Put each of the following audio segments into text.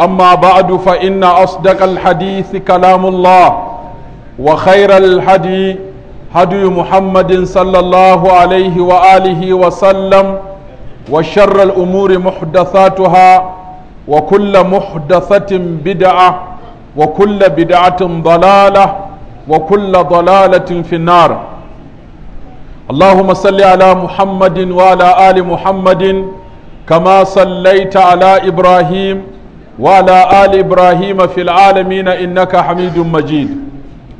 أما بعد فإن أصدق الحديث كلام الله وخير الهدي هدي محمد صلى الله عليه وآله وسلم وشر الأمور محدثاتها وكل محدثة بدعة وكل بدعة ضلالة وكل ضلالة في النار اللهم صل على محمد وعلى آل محمد كما صليت على إبراهيم وعلى آل إبراهيم في العالمين إنك حميد مجيد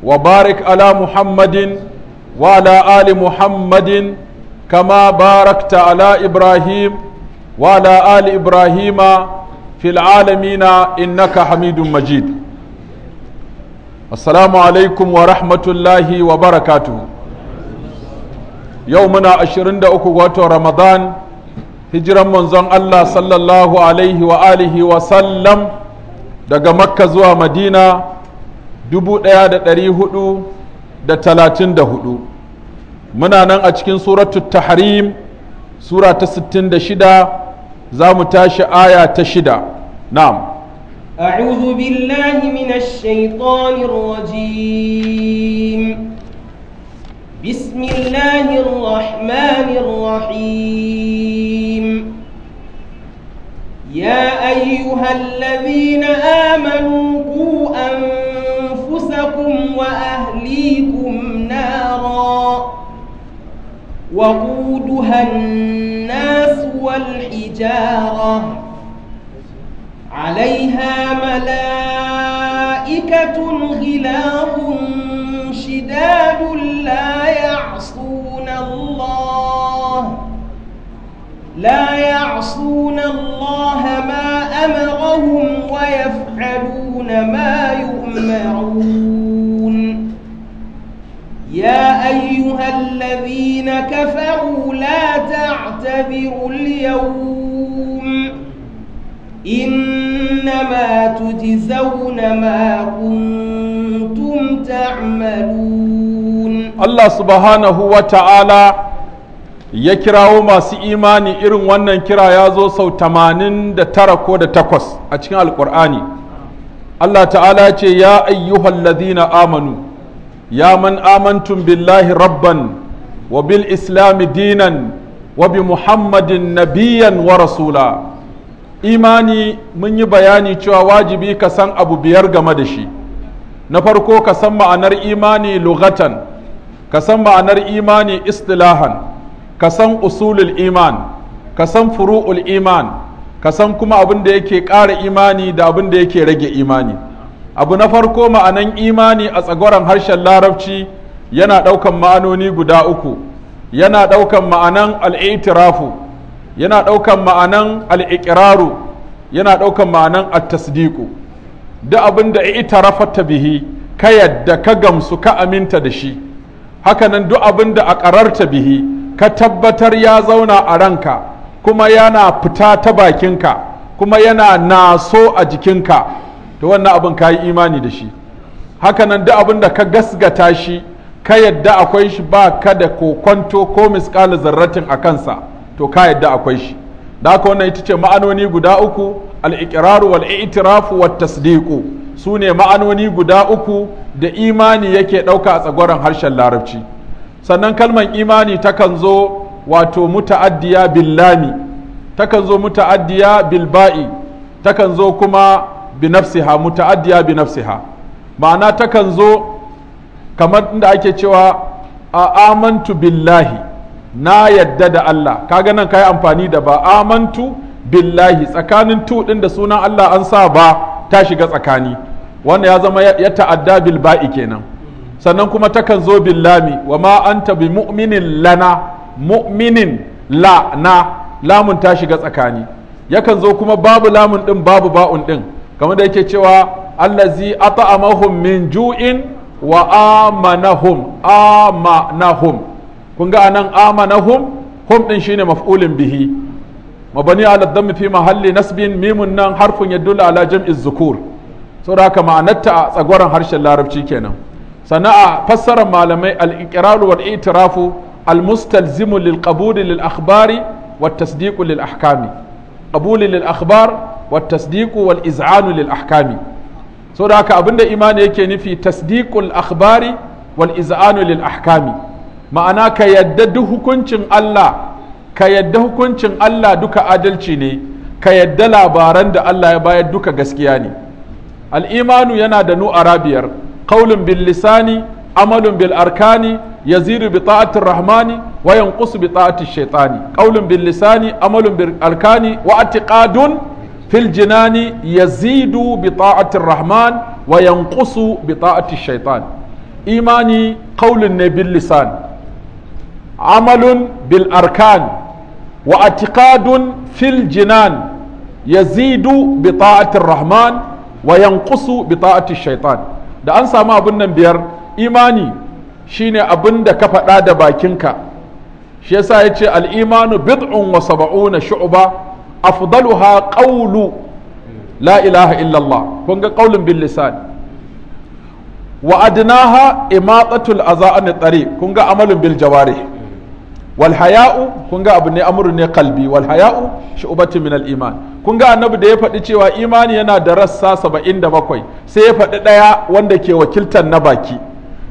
وبارك على محمد وعلى آل محمد كما باركت على إبراهيم وعلى آل إبراهيم في العالمين إنك حميد مجيد السلام عليكم ورحمة الله وبركاته يومنا 23 رمضان hijiran manzon Allah sallallahu alaihi wa alihi wa sallam daga makka zuwa madina 1434 muna nan a cikin suratu tahrim sura ta 66 za mu tashi aya ta shida na'am أعوذ بالله من الشيطان بسم الله الرحمن الرحيم يا أيها الذين آمنوا قوا أنفسكم وأهليكم نارا وقودها الناس والحجارة عليها ملائكة غلاظ شداد كفروا لا تعتبروا اليوم إنما تجزون ما كنتم تعملون الله سبحانه وتعالى ya kirawo masu imani irin wannan kira ya zo sau tamanin tara ko da takwas a cikin alkur'ani Allah ta'ala ce ya ayyuhal ladhina amanu ya man amantum billahi rabban وبالإسلام islami dinan wabi muhammadin nabiyan wa rasula imani mun yi bayani cewa wajibi ka san abu biyar game da shi na farko ka san ma'anar imani lughatan ka san ma'anar imani istilahan ka san usulul iman ka san furu'ul iman ka san kuma abin da yake ƙara imani da abin da yake rage imani abu na farko ma'anan imani a tsagoran harshen larabci yana ɗaukan ma'anoni guda uku yana ɗaukan ma'anan al'itirafu yana ɗaukan ma'anan al'ikiraru yana ɗaukan ma'anan attasdiku da abin da itarafata bihi ka yadda ka gamsu ka aminta da shi hakanan duk abin da a ƙararta bihi ka tabbatar ya zauna a ranka kuma yana fita ta bakinka kuma yana naso a jikinka to wannan abin ka yi imani da shi hakanan duk abin da ka gasgata shi ka yadda akwai shi ba ka da kwanto ko miskala zarratin a kansa to ka yadda akwai shi da haka wannan ita ce ma'anoni guda uku al-iqraru wal i'tirafu wat tasdiqu su ne ma'anoni guda uku da imani yake ɗauka a tsagoran harshen larabci sannan kalmar imani takan zo wato muta'addiya billami takan zo muta'addiya bilba'i takan zo kuma binafsiha muta'addiya binafsiha ma'ana takan zo kamar inda ake cewa a amantu billahi na yadda da Allah ka kaga nan kai amfani da ba amantu billahi tsakanin tu din da sunan Allah an sa ba ta shiga tsakani wanda ya zama ya ta'adda bil ba'i kenan sannan kuma takan zo billami wa ma anta bi mu'minin lana mu'minin la na lamun ta shiga tsakani yakan zo kuma babu lamun din babu ba'un din kamar da yake cewa allazi ata'amahum min ju'in wa amanahum amanahum kun ga anan amanahum hum din shine maf'ulin bihi mabani ala dhammi fi mahalli nasbin mimun nan harfun yadullu ala jam'i zukur saboda haka ma'anarta a tsagwaron harshen larabci kenan sana'a fassarar malamai al-iqrar wal i'tirafu al-mustalzimu lil qabul lil akhbari wat tasdiq lil ahkami qabul lil akhbar wat tasdiq wal iz'an lil ahkami da haka abinda imani yake nufi tasdiqul akhbari wal iz'anu lil ahkami ma'ana ka yadda duk hukuncin Allah ka yadda hukuncin Allah duka adalci ne ka yadda labaran da Allah ya bayar duka gaskiya ne al-imanu yana da nu arabiyar qaulun bil lisani amalun bil arkani yaziru bi ta'atir rahmani wa yanqusu bi ta'atir shaytani qaulun bil lisani amalun bil arkani wa i'tiqadun Filjinani yazidu bi ta'atir rahman wa yanqusu bi ta'atir shaitan imani qaulun ne bin lisan amalun bil arkan wa'atikadun filjinan yazidu bi ta'atir rahman wa yanqusu bi ta'atir shaitan da an samu abin nan biyar imani shine abin da ka faɗa da bakinka shi yasa yace al imanu bid'un wa sab'una shu'ba afdaluha qawlu la ilaha illallah kun ga qawlin bil lisan wa adnaha imatatul aza an tari kun ga amalin bil jawarih wal haya'u kun ga abu ne amru ne qalbi wal haya'u shu'batun min al iman kun ga annabi da ya faɗi cewa imani yana da rassa 77 sai ya faɗi ɗaya wanda ke wakiltar na baki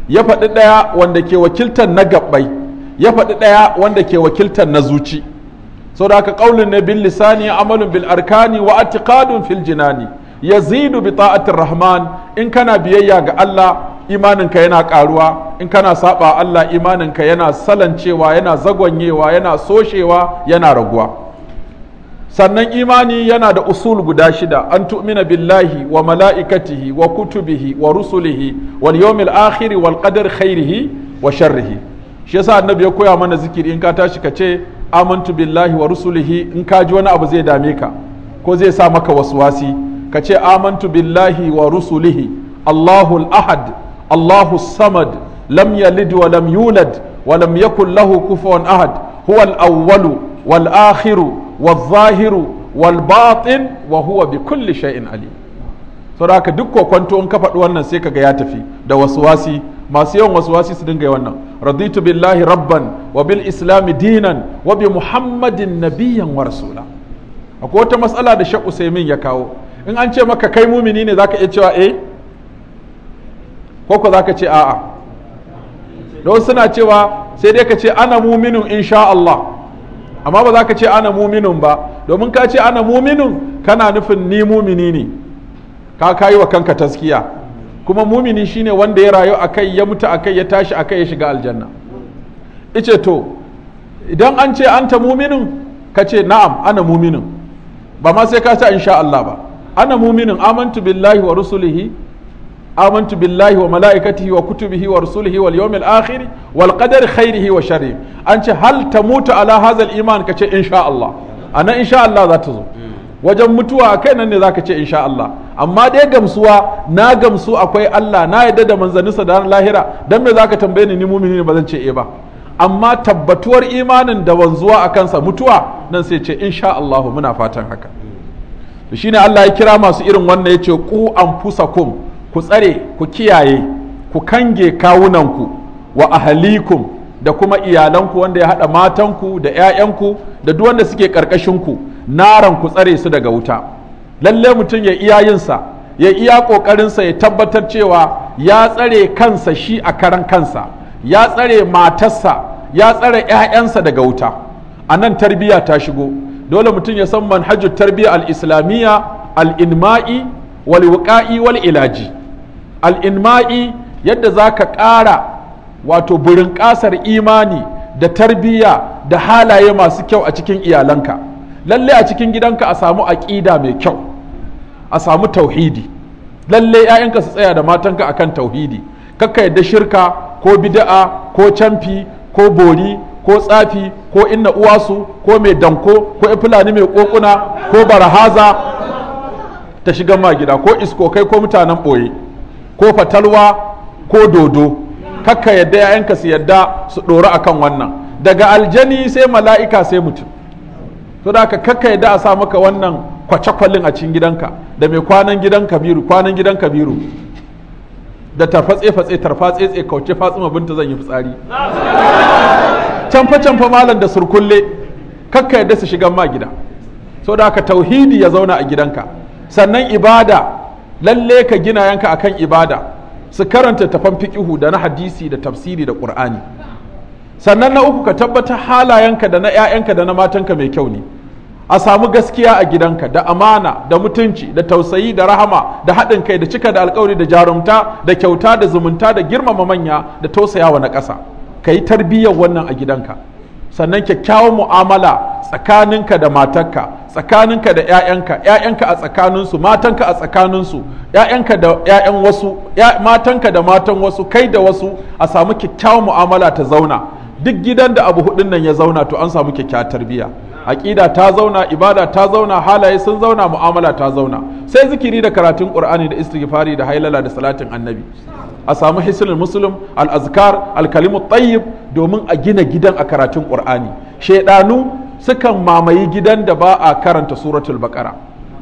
ya faɗi ɗaya wanda ke wakiltar na gabbai ya faɗi ɗaya wanda ke wakiltar na zuci saboda haka qaulun ne bil lisani amalun bil arkani wa atiqadun fil jinani yazidu bi ta'atir rahman in kana biyayya ga Allah imaninka yana karuwa in kana saba Allah imaninka yana salancewa yana zagwanyewa yana soshewa yana raguwa sannan imani yana da usul guda shida an tu'mina billahi wa mala'ikatihi wa kutubihi wa rusulihi wal yawmil akhir wal qadar khairihi wa sharrihi shi yasa annabi ya koya mana zikiri in ka tashi ka ce amantu billahi wa rusulihi in ka ji wani abu zai dame ka ko zai sa maka wasu ka ce amantu billahi wa rusulihi Allahu al-ahad Allahu samad lam yalid wa lam yulad wa lam yakul lahu kufuwan ahad huwal al-awwalu wal akhiru wal zahiru wal batin wa huwa bi kulli shay'in alim saboda haka duk kokonto in ka faɗi wannan sai ka ga ya tafi da wasu wasi. masu yawan wasu wasi su dinga wannan raditu billahi rabban wa bil islami dinan wa bi muhammadin nabiyyan wa rasula akwai wata matsala da shakku usaimin ya kawo in an ce maka kai mumini ne zaka iya cewa eh ko ko zaka ce a'a don suna cewa sai dai ka ce ana muminin insha Allah amma ba za ka ce ana muminin ba domin ka ce ana muminin kana nufin ni mumini ne ka kayi wa kanka taskiya kuma mumini shine wanda ya rayu akai ya mutu akai ya tashi akai ya shiga aljanna ice to idan an ce anta muminin ka ce na'am ana muminin ba ma sai ka ce insha Allah ba ana muminin amantu billahi wa rusulihi amantu billahi wa mala'ikatihi wa kutubihi wa rusulihi wal yawmil akhir wal qadari khairihi wa sharri an ce hal tamutu ala hadha al iman ka ce insha Allah ana insha Allah za ta zo wajen mutuwa a kai nan ne zaka ce insha Allah amma dai gamsuwa na gamsu akwai Allah na yadda da manzaninsa da lahira dan me zaka tambaye ni ni mumini ne ba zan ce eh ba amma tabbatuwar imanin da wanzuwa a kansa mutuwa nan sai ce insha Allah muna fatan haka to shine Allah ya kira masu irin wannan yace ku anfusakum ku tsare ku kiyaye ku kange kawunanku wa ahalikum da kuma iyalanku wanda ya hada matanku da 'ya'yanku da duk wanda suke karkashin ku naran ku tsare su daga wuta lalle mutum ya iya yinsa ya iya ƙoƙarinsa ya tabbatar cewa ya tsare kansa shi a karan kansa ya tsare matarsa ya tsare 'ya'yansa daga wuta a nan tarbiyya ta shigo dole mutum ya san manhajul tarbiya al-islamiyya al-inma'i wal wuqa'i wal ilaji al-inma'i yadda zaka ƙara wato burin ƙasar imani da tarbiyya da halaye masu kyau a cikin iyalanka lalle a cikin gidanka a samu aƙida mai kyau a samu tauhidi lalle 'ya'yanka su tsaya da matanka akan tauhidi kakka yadda shirka ko bida'a ko camfi ko bori ko tsafi ko inna uwasu ko mai danko ko fulani mai kokuna ko barahaza ta shiga ma gida ko iskokai ko mutanen ɓoye ko fatalwa ko dodo kakka yadda 'ya'yanka su yadda su ɗora akan wannan daga aljani sai mala'ika sai mutum to da ka kakka yadda a sa maka wannan kwace-kwalin a cikin gidanka da mai kwanan gidan kabiru kwanan gidan kabiru da tarfatse fatse tarfatse tse kauce fatsuma binta zan yi fitsari canfa canfa malam da surkulle kakka yadda su shigan ma gida so da ka tauhidi ya zauna a gidanka sannan ibada lalle ka gina yanka akan ibada su karanta tafan fiqihu da na hadisi da tafsiri da qur'ani sannan na uku ka tabbatar halayenka da na 'ya'yanka da na matanka mai kyau ne a samu gaskiya a gidanka da amana da mutunci da tausayi da rahama da haɗin kai da cika da alkawari da jarumta da kyauta da zumunta da girmama manya da tausayawa na ƙasa ka yi tarbiyyar wannan a gidanka sannan kyakkyawan mu'amala tsakaninka da matarka tsakaninka da 'ya'yanka 'ya'yanka a tsakaninsu matanka a tsakaninsu 'ya'yanka da 'ya'yan wasu matanka da matan wasu kai da wasu a samu kyakkyawan mu'amala ta zauna duk gidan da abu hudun nan ya zauna to an samu kyakkyawar tarbiyya aƙida ta zauna ibada ta zauna halaye sun zauna mu'amala ta zauna sai zikiri da karatun qur'ani da istighfari da hailala da salatin annabi a samu hisnul muslim al azkar al kalimu tayyib domin a gina gidan a karatun qur'ani shedanu sukan mamayi gidan da ba a karanta suratul baqara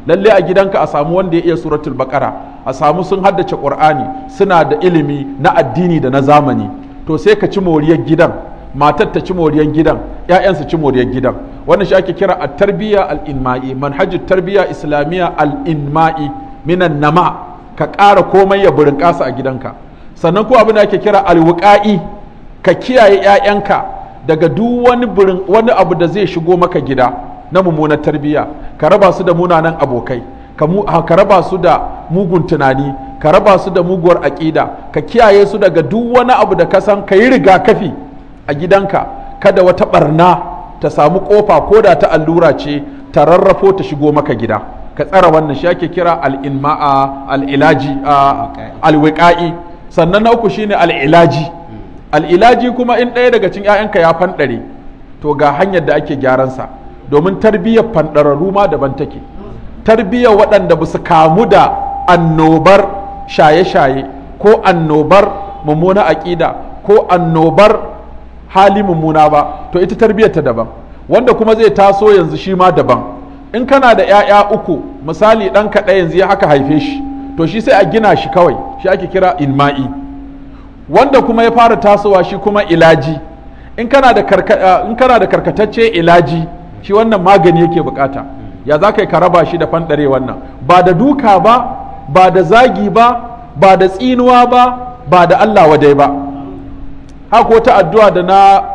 lalle a gidanka a samu wanda ya iya suratul baqara a samu sun haddace qur'ani suna da ilimi na addini da na zamani to sai ka ci moriyar gidan matar ta ci moriyar gidan yayan su ci moriyar gidan wannan shi ake kira at-tarbiya al-inma'i manhajut tarbiya islamiyya al-inma'i minan nama ka ƙara komai ya burin kasa a gidanka sannan ko abin da ake kira al-wuqa'i ka kiyaye ya'yanka daga duk wani burin wani abu da zai shigo maka gida na mummunar tarbiya ka raba su da munanan abokai ka raba su da mugun tunani ka raba su da muguwar aƙida ka kiyaye su daga duk wani abu da ka san ka yi rigakafi a gidanka kada wata barna ta samu kofa ko da ta allura ce ta rarrafo ta shigo maka gida ka tsara wannan shi ake kira al'inma'a al'ilaji alwiƙa'i sannan na uku shine al'ilaji al'ilaji kuma in ɗaya daga cikin 'ya'yanka ya fanɗare to ga hanyar da ake gyaran sa domin tarbiyyar fanɗararru ma daban take tarbiyyar waɗanda ba su kamu da annobar shaye-shaye ko annobar mummuna aƙida ko annobar hali mummuna ba to ita tarbiyyar ta daban wanda kuma zai taso yanzu shi ma daban in kana da ƴaƴa uku misali ɗan kaɗai yanzu ya haka haife shi to shi sai a gina shi kawai shi ake kira ilma'i wanda kuma ya fara tasowa shi kuma ilaji in kana da eh, karkatacce ilaji shi wannan magani yake bukata ya za ka karaba shi da fanɗare wannan ba da duka ba ba da zagi ba ba da tsinuwa ba ba da allah wadai ba haka wata addu'a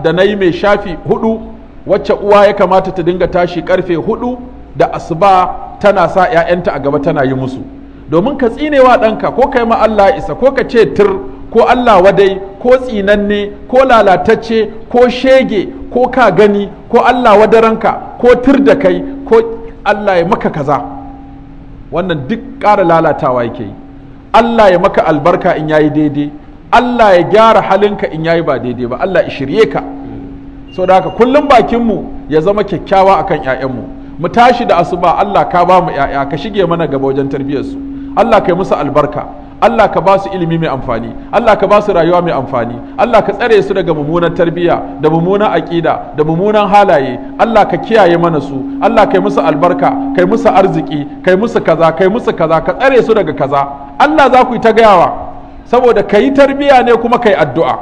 da na yi mai shafi hudu wacce uwa ya kamata ta dinga tashi karfe hudu da asuba tana sa 'ya'yanta a gaba tana yi musu domin ka tsinewa ɗanka ko kai ma Allah isa ko ka ce tur, ko Allah wadai ko tsinanne ko lalatacce ko shege ko ka gani ko Allah wadaranka ko tur da kai ko Allah ya maka kaza wannan duk ƙara lalatawa yake yi Allah ya maka albarka in yayi daidai Allah ya gyara halinka in yayi ba daidai ba Allah ya shirye ka so da haka kullum bakinmu ya zama kyakkyawa akan ƴaƴanmu mu tashi da asuba Allah ka ba mu ƴaƴa ka shige mana gaba wajen tarbiyyarsu Allah kai musu albarka Allah ka ba su ilimi mai amfani Allah ka ba su rayuwa mai amfani Allah ka tsare su daga mummunan tarbiyya da mummunan aƙida da mummunan halaye Allah ka kiyaye mana su Allah kai musu albarka kai musu arziki kai musu kaza kai musu kaza ka tsare su daga kaza Allah za ku yi ta gayawa saboda ka yi tarbiya ne kuma ka yi addu'a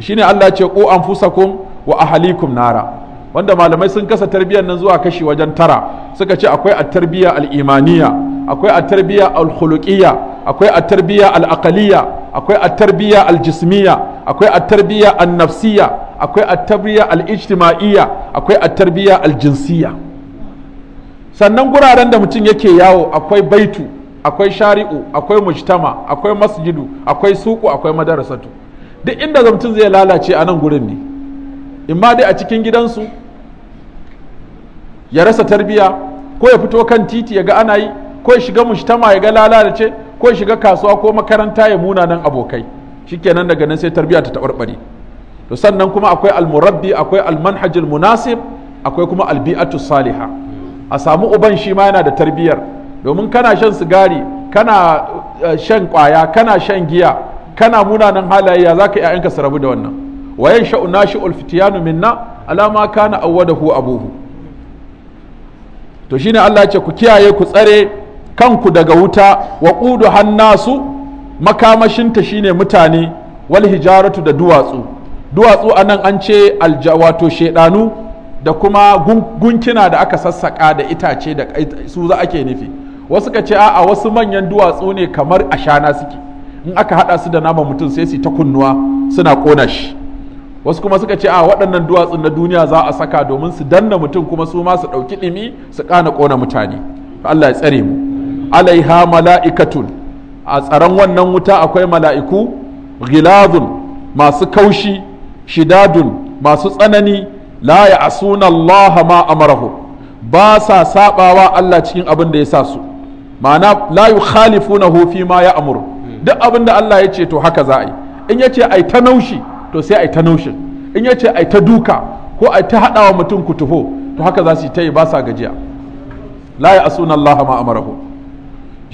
shine Allah ce ku anfusakum wa ahalikum nara wanda malamai sun kasa tarbiyyar nan zuwa kashi wajen tara suka ce akwai a tarbiyya al akwai a tarbiyya al-khuluqiyya akwai a tarbiyya al akwai a tarbiyya al-jismiyya akwai a tarbiyya an-nafsiyya akwai a tarbiyya al-ijtima'iyya akwai a tarbiyya al-jinsiyya sannan guraren da mutum yake yawo akwai baitu akwai shari'u akwai mujtama akwai masjidu akwai suku akwai madarasatu duk inda zamtun zai lalace a nan gurin ne in ma dai a cikin gidansu ya rasa tarbiya ko ya fito kan titi ya ga ana yi ko ya shiga mujtama ya ga lalace ko ya shiga kasuwa ko makaranta ya muna nan abokai shikenan daga nan sai tarbiya ta taɓarɓare to sannan kuma akwai almurabbi akwai almanhajul munasib akwai kuma albi'atu saliha a samu uban shi ma yana da tarbiyar domin kana shan sigari kana eh, shan kwaya kana shan giya kana munanan halayya za ka ‘ya'yanka su rabu da wannan wayan sha'u nashi ulfitiyanu minna alama kana awwadahu abuhu to shine Allah ce ku kiyaye ku tsare kanku daga wuta wa qudu hannasu makamashinta shine mutane wal hijaratu da duwatsu duwatsu anan an ce aljawato shedanu da kuma gunkina da aka sassaka da itace da su za ake nufi wasu ka ce a wasu manyan duwatsu ne kamar ashana suke in aka hada su da nama mutum sai su ta kunnuwa suna kona shi wasu kuma suka ce a waɗannan duwatsun na duniya za a saka domin su danna mutum kuma su ma su ɗauki ɗimi su ƙana ƙona mutane Allah ya tsare mu alaiha mala'ikatun a tsaron wannan wuta akwai mala'iku ghiladun masu kaushi shidadun masu tsanani la ya asuna Allah ma amarahu ba sa sabawa Allah cikin abin da ya sa su ma'ana la na hofi ma ya amur duk abin da Allah ya ce to haka za a yi in ya ce ai ta naushi to sai ai ta naushin in ya ce ai ta duka ko ai ta haɗawa mutum kutufo to haka za su yi ta yi ba sa gajiya la ya'suna Allah ma amarahu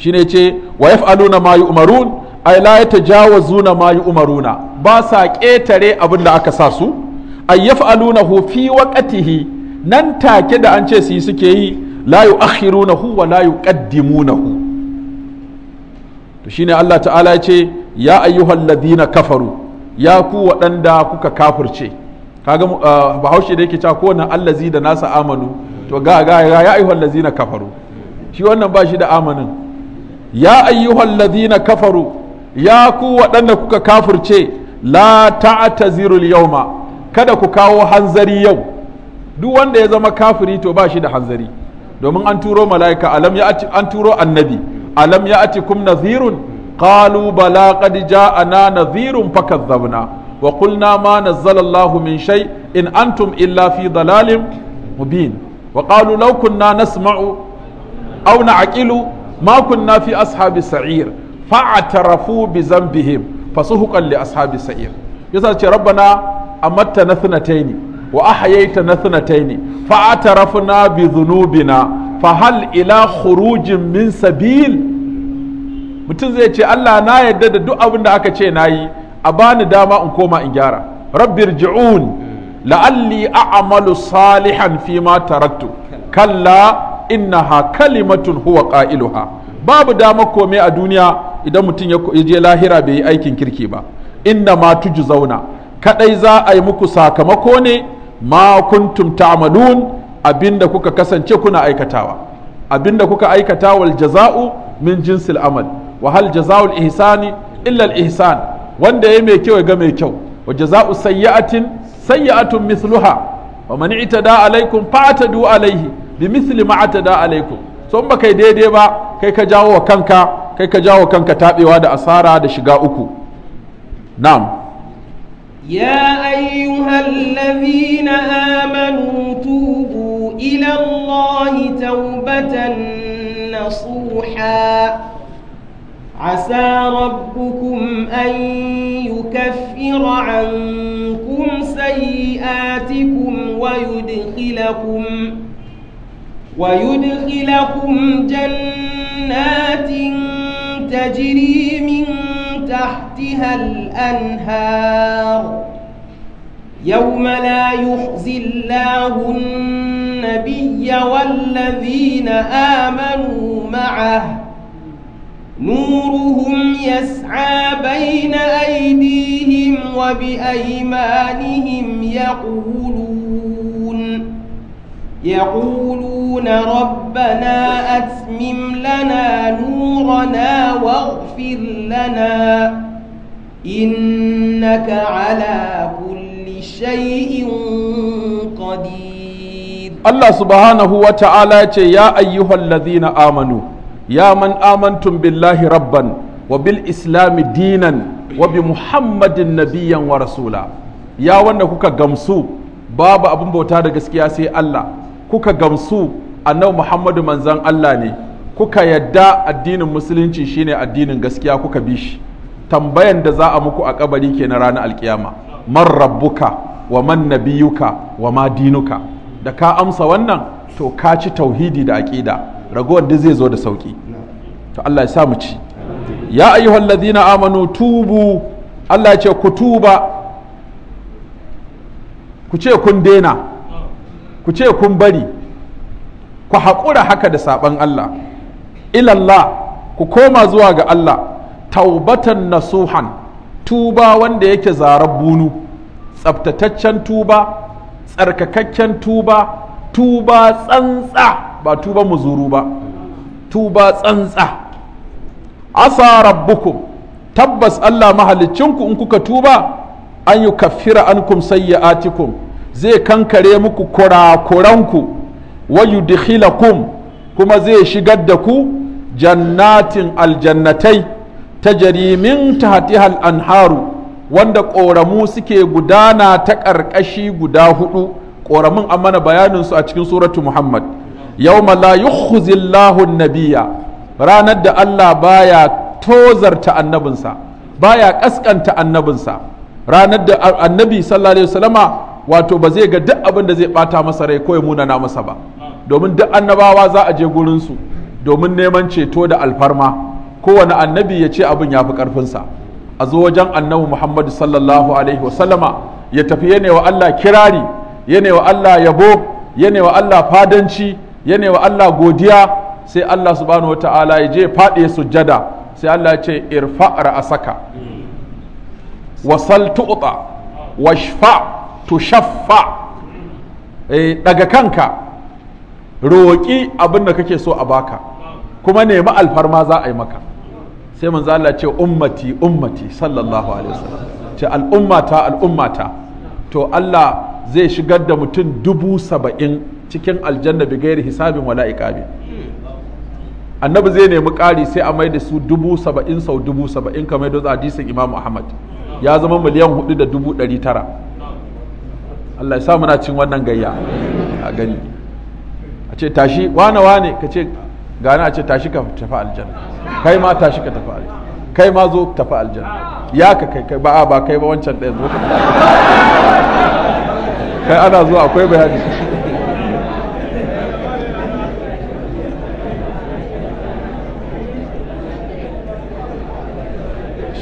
ne ce wa yaf'aluna ma umarun ai la yatajawazuna ma umaruna. ba sa ƙetare abin da aka sa su ay yaf'alunahu fi waqtihi nan take da an ce su yi suke yi la hu wa la hu. to shine Allah ta'ala ya ce ya na kafaru ya ku waɗanda kuka kafirce kaga bahaushe da yake cewa Allah allazi da nasa amanu to ga ga ya na kafaru shi wannan ba shi da amanin ya na kafaru ya ku waɗanda kuka kafirce la yau yawma kada ku kawo hanzari yau duk wanda ya zama kafiri to ba shi da hanzari domin an turo mala'ika alam ya an turo annabi alam ya atikum nadhirun qalu bala qad ja'ana nadhirun fakadhabna wa qulna ma nazzala Allahu min shay in antum illa fi dalalin mubin wa qalu law kunna nasma'u aw na'qilu ma kunna fi ashabi sa'ir fa'tarafu bi dhanbihim fasuhqan li ashabi sa'ir yasa ce rabbana amatta na thnataini wa ahyaita na sunataini fa atarafna bi dhunubina fa hal ila khurujin min sabil mutum zai ce Allah na yadda da duk abin da aka ce na yi a bani dama in koma in gyara ji'un la'alli a'malu salihan fi ma taraktu kalla innaha kalimatun huwa qailuha babu dama komai a duniya idan mutum ya je lahira bai yi aikin kirki ba inna ma zauna kadai za a yi muku sakamako ne ma kuntum ta'malun abinda kuka kasance kuna aikatawa abinda kuka aikata wal jaza'u min jinsil amal wa hal jaza'ul ihsani illa al ihsan wanda yayi mai kyau ya ga mai kyau wa jaza'u sayyi'atin sayyi'atun mithluha wa man itada alaikum fa'tadu alaihi bi mithli ma atada alaikum so ba kai daidai ba kai ka jawo wa kanka kai ka jawo kanka tabewa da asara da shiga uku na'am يا أيها الذين آمنوا توبوا إلى الله توبة نصوحا عسى ربكم أن يكفر عنكم سيئاتكم ويدخلكم ويدخلكم جنات تجري من تحتها الأنهار يوم لا يحزي الله النبي والذين آمنوا معه نورهم يسعى بين أيديهم وبأيمانهم يقولون يقولون ربنا أتمم لنا نورنا واغفر لنا إنك على كل شيء قدير الله سبحانه وتعالى يا أيها الذين آمنوا يا من آمنتم بالله ربا وبالإسلام دينا وبمحمد نبيا ورسولا يا وانا كوكا gamsu babu abin bauta da gaskiya sai Allah kuka gamsu annabi Muhammadu manzan Allah ne kuka yadda addinin musulunci shine addinin gaskiya kuka bi shi tambayan da za a muku a kabari ke na ranar alkiyama man rabbuka wa man nabiyuka wa ma dinuka da ka amsa wannan to ka ci tauhidi da aƙida ragowar da zai zo da sauki to Allah ya sa mu ci ya ayyuhal amanu tubu Allah ya ce ku tuba ku ce kun daina ku ce kun bari ku haƙura haka da saɓan Allah ilallah ku koma zuwa ga Allah taubatan nasuhan tuba wanda yake zarar bunu tsaftataccen tuba tsarkakakken tuba tuba tsantsa ba tuba muzuru ba tuba tsantsa asa rabbuku tabbas Allah mahalicinku in kuka tuba an yi kafira an sayya atikum. zai kankare muku kurakuranku wa yudkhilakum kuma zai shigar da ku jannatin aljannatai ta jarimin tahtihal anharu wanda ƙoramu suke gudana ta ƙarƙashi guda hudu ƙoramin an mana su a cikin suratu muhammad yawma la yukhzillahu nabiya ranar da allah baya tozarta annabinsa baya ƙasƙanta annabinsa ranar da annabi sallallahu alaihi wasallama wato ba zai ga duk abin da zai bata masa rai ko ya munana masa ba domin duk annabawa za a je gurinsu domin neman ceto da alfarma kowane annabi ya ce abin ya fi ƙarfinsa a zo wajen annabi muhammadu sallallahu alaihi wasallama ya tafi ne wa allah kirari ne wa allah yabo ne wa allah fadanci ne wa allah godiya sai allah subhanahu wa ta'ala ya je faɗi sujjada sai allah ya ce irfa ra'asaka hmm. wasal tu'ta washfa' shaffa eh, daga kanka roƙi abin da kake so a baka kuma nemi alfarma za a yi maka sai mun zala ce ummati ummati sallallahu alaihi wasallam ce al'ummata al'ummata to Allah zai shigar da mutum dubu saba'in cikin aljanna bi gairi hisabin wala iqabi annabi zai nemi ƙari sai a mai da su dubu saba'in sau dubu saba'in kamar da hadisin imam ahmad ya zama miliyan hudu da dubu ɗari tara Allah ya sa muna cin wannan gayya a gani a ce tashi wane wane ka ce gana a ce tashi ka tafi aljanna kai ma tashi ka tafi aljanna kai ma zo tafi aljanna ya ka kai kai ba a ba kai ba wancan ɗaya zo kai ana zuwa akwai bayani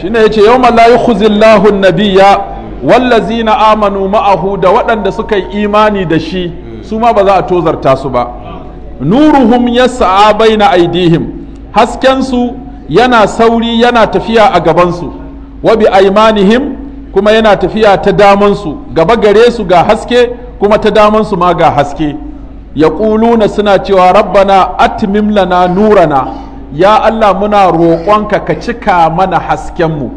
shine yace yawma la yukhzillahu an-nabiyya wallazi na amanu ma'ahu da waɗanda suka yi imani da shi su ma ba za a tozarta su ba nuruhum bai baina aidihim haskensu yana sauri yana tafiya a gabansu wa bi aimanihim kuma yana tafiya ta damansu gaba gare su ga haske kuma ta damansu ma ga haske ya ƙuluna suna cewa rabbana atmim lana nurana ya Allah muna roƙonka ka cika mana haskenmu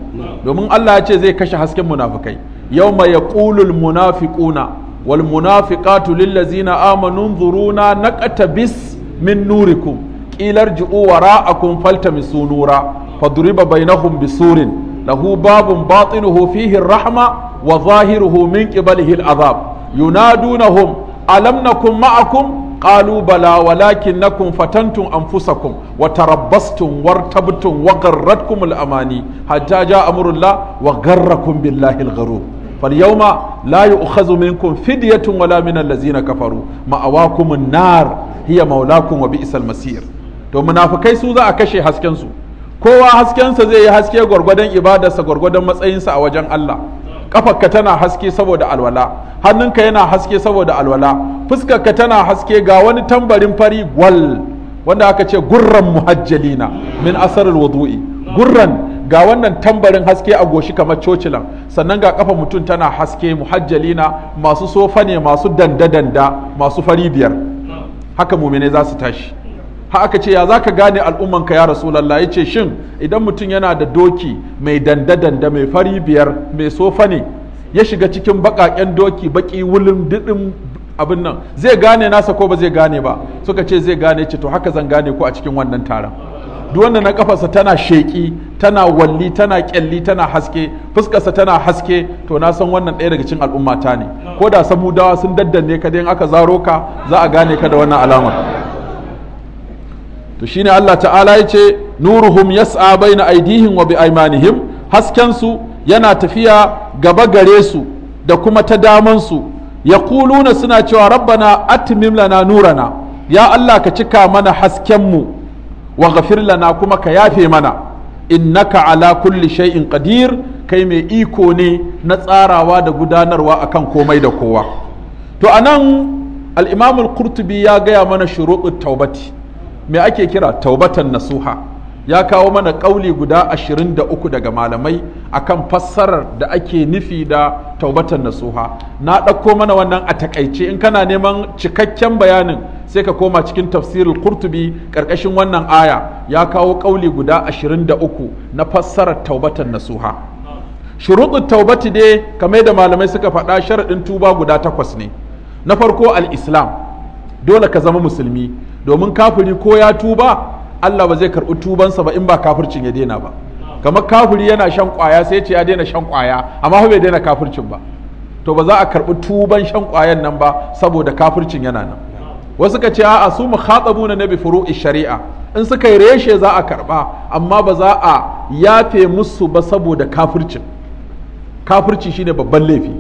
domin Allah ya ce zai kashe hasken munafukai Yau yawma yaqulul munafiquna wal munafiqatu lillazina amanu nzuruna naqtabis min nurikum qilar ju'u wara'akum faltamisu nura fadriba bainahum bisurin lahu babun batinuhu fihi ar-rahma wa zahiruhu min qibalihi al-azab yunadunahum alam nakum ma'akum قالوا بلى ولكنكم فتنتم أنفسكم وتربصتم وارتبتم وغرتكم الأماني حتى جاء أمر الله وغركم بالله الغرور fal yawma la yu'khadhu minkum fidyatun wala min allazina kafaru ma'awakumun nar hiya maulakum wa masir to munafikai su za a kashe hasken su kowa haskensa zai yi haske gwargwadon ibadarsa gwargwadon matsayinsa a wajen Allah kafarka tana haske saboda alwala hannunka yana haske saboda alwala fuskarka tana haske ga wani tambarin fari gwal wanda aka ce gurran muhajjalina min asarul wudu'i gurran ga wannan tambarin haske a goshi kamar cocilan sannan ga kafa mutum tana haske muhajjalina masu sofa ne masu danda-danda masu fari biyar haka mumine za su tashi ha aka ce ya za ka gane al'ummanka ya rasulallah ya ce shin idan mutum yana da doki mai danda-danda mai fari biyar mai sofa ne ya shiga cikin baƙaƙen doki baƙi wulin diɗin abin nan zai gane nasa ko ba zai gane ba suka ce zai gane ce to haka zan gane ko a cikin wannan taron duk wanda na kafarsa tana sheki tana walli tana kyalli tana haske fuskarsa tana haske to na san wannan ɗaya daga cikin al'ummata ne ko da samudawa sun daddanne ka in aka zaro ka za a gane ka da wannan alamar to shine Allah ta'ala ya ce nuruhum yas'a baina aidihim wa bi'aymanihim hasken su yana tafiya gaba gare su da kuma ta daman su yaquluna suna cewa rabbana atmim lana nurana ya Allah ka cika mana hasken mu wa ghafir lana kuma ka yafe mana innaka ala kulli shay'in qadir kai mai iko ne na tsarawa da gudanarwa akan komai da kowa to anan al-imam al-qurtubi ya gaya mana shuruɗin taubati me ake kira taubatan nasuha ya kawo mana ƙauli guda 23 daga malamai akan fassarar da ake nufi da taubatan nasuha na ɗauko mana wannan a takaice in kana neman cikakken bayanin sai ka koma cikin tafsirul qurtubi karkashin wannan aya ya kawo kauli guda 23 na fassarar taubatan nasuha shuruɗin taubati dai kamar da malamai suka faɗa sharaɗin tuba guda takwas ne na farko al-islam dole ka zama musulmi domin kafiri ko ya tuba Allah ba zai karɓi tubansa ba in ba kafircin ya daina ba kamar kafiri yana shan kwaya sai ce ya daina shan kwaya amma bai daina kafircin ba to ba za a karɓi tuban shan kwayan nan ba saboda kafircin yana nan wasu ka ce a su mukhatabuna na bi furu'i shari'a in suka yi reshe za a karba amma ba za a yafe musu ba saboda kafircin kafirci shine babban laifi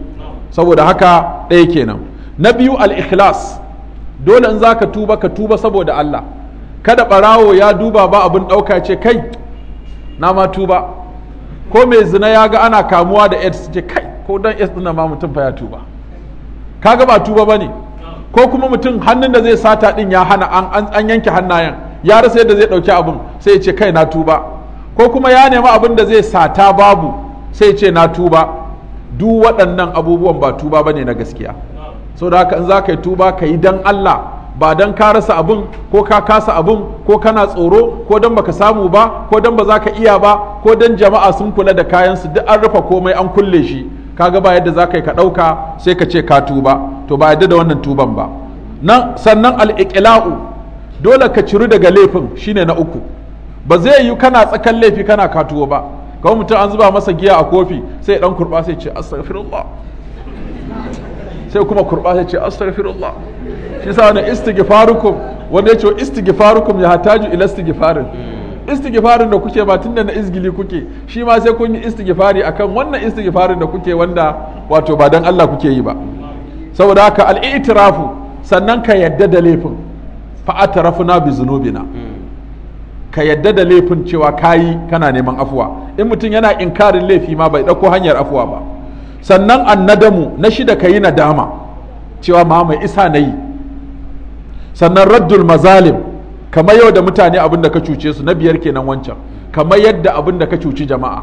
saboda haka ɗaya kenan na biyu al-ikhlas dole in zaka tuba ka tuba saboda Allah kada barawo ya duba ba abin ɗauka ce kai na ma tuba ko mai zina ya ga ana kamuwa da aids ce kai ko dan aids ɗin ma mutum fa ya tuba kaga ba tuba bane ko kuma mutum hannun da zai sata din ya hana an yanke hannayen ya rasa yadda zai ɗauki abin sai ya ce kai na tuba ko kuma ya nemi abin da zai sata babu sai ya ce na tuba duk waɗannan abubuwan ba tuba bane na gaskiya da haka in za ka yi tuba ka yi dan Allah ba don ka rasa abin ko ka kasa abin ko kana tsoro ko don baka samu ba ko don ba za ka iya ba ko don jama'a sun kula da kayansu duk an rufe komai an kulle shi kaga ba yadda za ka yi ka ɗauka sai ka ce ka tuba to ba yadda da wannan tuban ba nan sannan al'iƙila'u dole ka ciru daga laifin shine na uku ba zai yi kana tsakan laifi kana katuwa ba kawai mutum an zuba masa giya a kofi sai dan kurba sai ce astaghfirullah sai kuma kurba sai ce astaghfirullah shi sa wani istighfarukum wanda ya ce istighfarukum ya hataju ila istighfarin istighfarin da kuke ba tunda na izgili kuke shi ma sai kun yi istighfari akan wannan istighfarin da kuke wanda wato ba dan Allah kuke yi ba saboda haka al'itirafu sannan ka yadda da laifin rafuna bi zunubina ka yadda da laifin cewa kayi kana neman afuwa in mutum yana inkarin laifi ma bai ɗauko hanyar afuwa ba sannan annadamu na shida ka yi na dama cewa ma mai isa na yi sannan raddul mazalim kamar yau da mutane abin da ka cuce su na biyar kenan wancan kamar yadda abin da ka cuci jama'a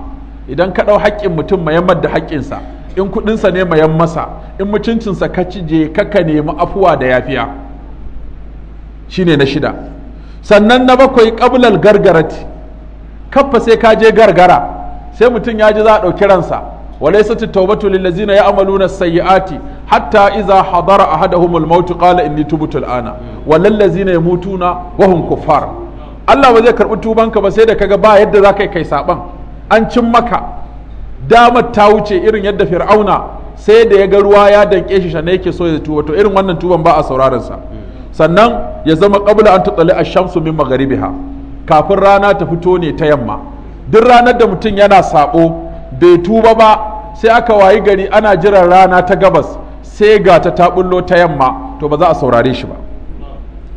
idan ka ɗau haƙƙin mutum ma da haƙƙinsa in kudinsa ne mayan masa in mutuncinsa ka cije kaka nemi afuwa da yafiya shine na shida sannan na bakwai qablal gargarati kaffa sai ka je gargara sai mutum ya ji za a ɗauki ransa walaysat at-tawbatu lil ladzina ya'maluna as-sayyi'ati hatta iza hadara a maut qala inni tubtu al-ana wal ladzina yamutuna wa hum kuffar Allah ba zai tuban tubanka ba sai da kaga ba yadda za ka kai saɓan. an cin maka damar ta wuce irin yadda fir'auna sai da ya ga ruwa ya danke shi ne yake so ya tuba to irin wannan tuban ba a sauraron sa sannan ya zama qabla an tutali ash-shamsu min magharibiha kafin rana ta fito ne ta yamma duk ranar da mutum yana sabo bai tuba ba sai aka wayi gari ana jiran rana ta gabas sai ga ta ta bullo ta yamma to ba za a saurare shi ba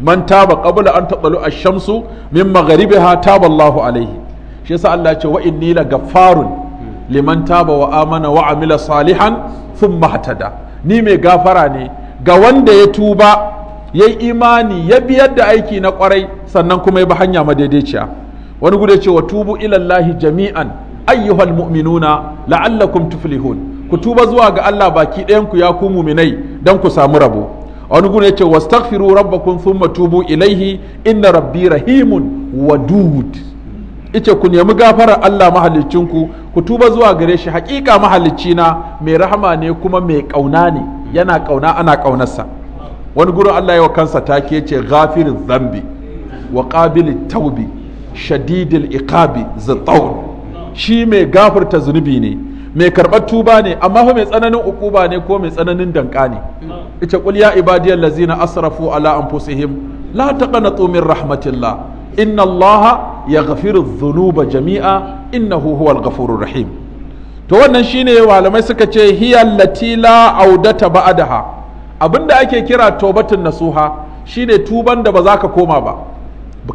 man taba qabla an tatalu ash-shamsu min magharibiha taba alayhi alaihi shi yasa Allah ya ce wa inni la gaffarun liman taba wa amana wa amila salihan thumma mahatada ni mai gafara ne ga wanda ya tuba ya yi imani ya biyar da aiki na kwarai sannan kuma ya bi hanya madaidaiciya wani gudu ce wa tubu ilallahi jami'an ayyuhal mu'minuna la'allakum tuflihun ku tuba zuwa ga Allah baki ɗayan ku ya ku muminai dan ku samu rabo wani gudu ce wastaghfiru rabbakum thumma tubu ilaihi inna rabbi rahimun wadud ice ku nemi gafarar Allah mahalicinku ku tuba zuwa gare shi hakika mahalicina mai rahama ne kuma mai kauna ne yana kauna ana kaunarsa wani gurin Allah yawa kansa take ce ghafirin zambi wa qabilit taubi shadidil iqabi zataun shi mai gafarta zunubi ne mai karɓar tuba ne amma fa mai tsananin ukuba ne ko mai tsananin danka ne ita qul ya ibadiyal ladzina asrafu ala anfusihim la taqanatu min rahmatillah inna allaha ya gafiru dhunuba jami'a innahu huwal ghafurur rahim to wannan shine malamai suka ce hiya lati la audata Abin abinda ake kira tobatun nasuha shine tuban da ba za ka koma ba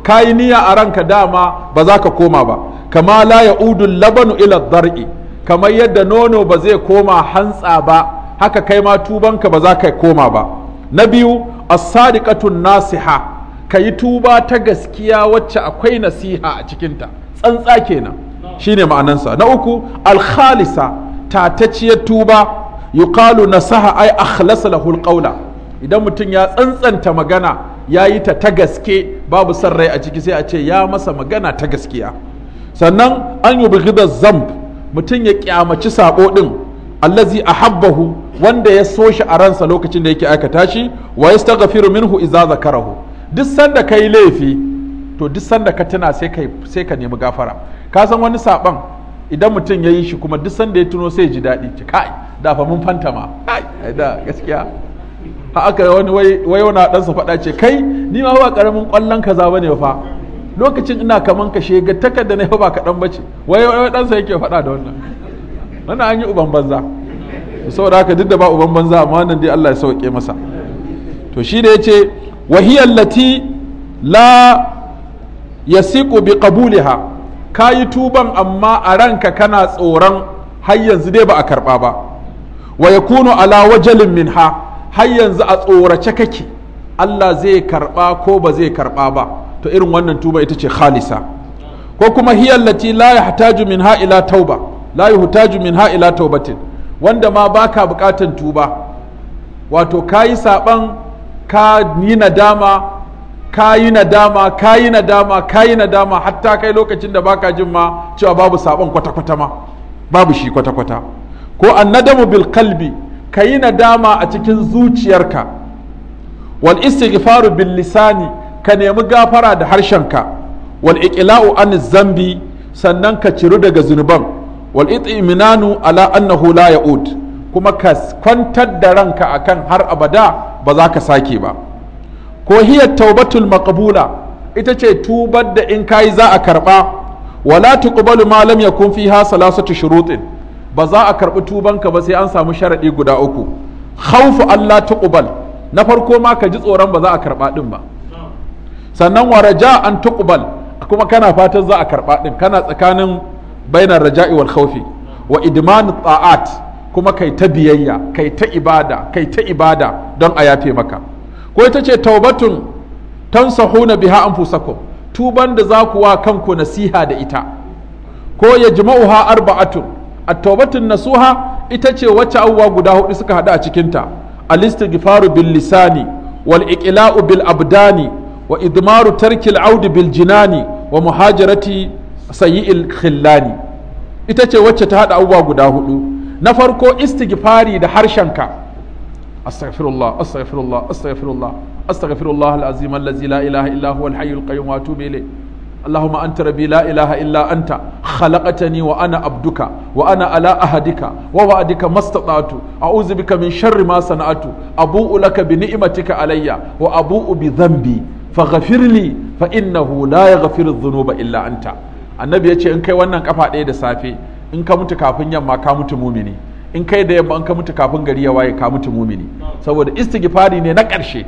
kayi niyya a ranka dama ba za ka koma ba kama la ya'udu labanu ila dar'i kamar yadda nono ba zai koma hantsa ba haka kai ma tubanka ba za ka koma ba na biyu as-sadiqatun nasiha ka yi tuba ta gaskiya wacce akwai nasiha a cikinta tsantsa kenan shine ma'anansa na uku alkhalisa tatacciyar tuba yuqalu nasaha ai akhlasa lahul qawla idan mutum ya tsantsanta magana ya yi ta ta gaske babu san rai a ciki sai a ce ya masa magana ta gaskiya sannan an yi bugida zamb mutum ya kyamaci sabo din allazi ahabbahu wanda ya so shi a ransa lokacin da yake aikata shi wa yastaghfiru minhu idza zakarahu duk sanda ka yi laifi to duk sanda ka tuna sai ka nemi gafara ka san wani saɓan, idan mutum ya yi shi kuma duk sanda ya tuno sai ji daɗi ci kai da fa mun fanta ma kai da gaskiya ha aka wani wai wani ɗansa faɗa ce kai ni ma ba karamin ƙwallon kaza ba ne fa lokacin ina kaman ka shega takarda na ba kaɗan ba ce wai wai ɗansa yake faɗa da wannan wannan an yi uban banza saboda haka duk da ba uban banza amma wannan dai Allah ya sauke masa to shi da ya ce wa hiya allati la yasiqu bi kayi tuban amma a ranka kana tsoron har yanzu dai ba a karba ba wa yakunu ala wajalin minha har yanzu a tsorace kake Allah zai karba ko ba zai karba ba to irin wannan tuba ita ce khalisa ko kuma hiya allati la yahtaju minha ila tauba la yahtaju minha ila taubatin wanda ma baka bukatan tuba wato kayi saban ka yi nadama ka yi nadama ka yi nadama ka yi nadama hatta kai lokacin da baka jin ma cewa babu sabon kwata-kwata ma babu shi kwata-kwata ko annadamu bil kalbi ka yi nadama a cikin zuciyarka wal istighfaru bil lisani ka nemi gafara da harshenka wal iqla'u an zambi sannan ka ciru daga zunuban wal itminanu ala annahu la ya'ud kuma ka kwantar da ranka akan har abada ba za ka sake ba ko taubatul maqbula ita ce tubar da in kai za a karba wala tuqbalu ma lam yakun fiha salasatu shurutin ba za a karbi tubanka ba sai an samu sharadi guda uku khawfu Allah tuqbal na farko ma ka ji tsoron ba za a karba din ba sannan wa raja an tuqbal kuma kana fatan za a karba din kana tsakanin bainar raja'i wal khawfi wa idman ta'at kuma kai ta biyayya kai ta ibada kai ta ibada don a yafe maka ko ita ce taubatun sahuna biha anfusakum tuban da za ku wa kanku nasiha da ita ko ya jima'uha arba'atun at-taubatun nasuha ita ce wacce abubuwa guda hudu suka hada a cikinta al-istighfaru bil lisani wal iqla'u bil abdani wa idmaru tarkil audi bil jinani wa muhajarati sayyi'il khillani ita ce wacce ta hada abubuwa guda hudu na farko istighfari da harshenka astaghfirullah astaghfirullah astaghfirullah astaghfirullah alazim allazi la ilaha illa huwa alhayyul qayyum wa atubu ilayh اللهم أنت ربي لا إله إلا أنت خلقتني وأنا عبدك وأنا على أهدك ووعدك ما استطعت أعوذ بك من شر ما صنعت أبوء لك بنعمتك علي وأبوء بذنبي فغفر لي فإنه لا يغفر الذنوب إلا أنت النبي يقول إن كي وانا كفا دي دسافي in ka mutu kafin yamma ka mutu mumini in kai da yamma in ka mutu kafin gari ya waye ka mutu mumini saboda istighfari ne na ƙarshe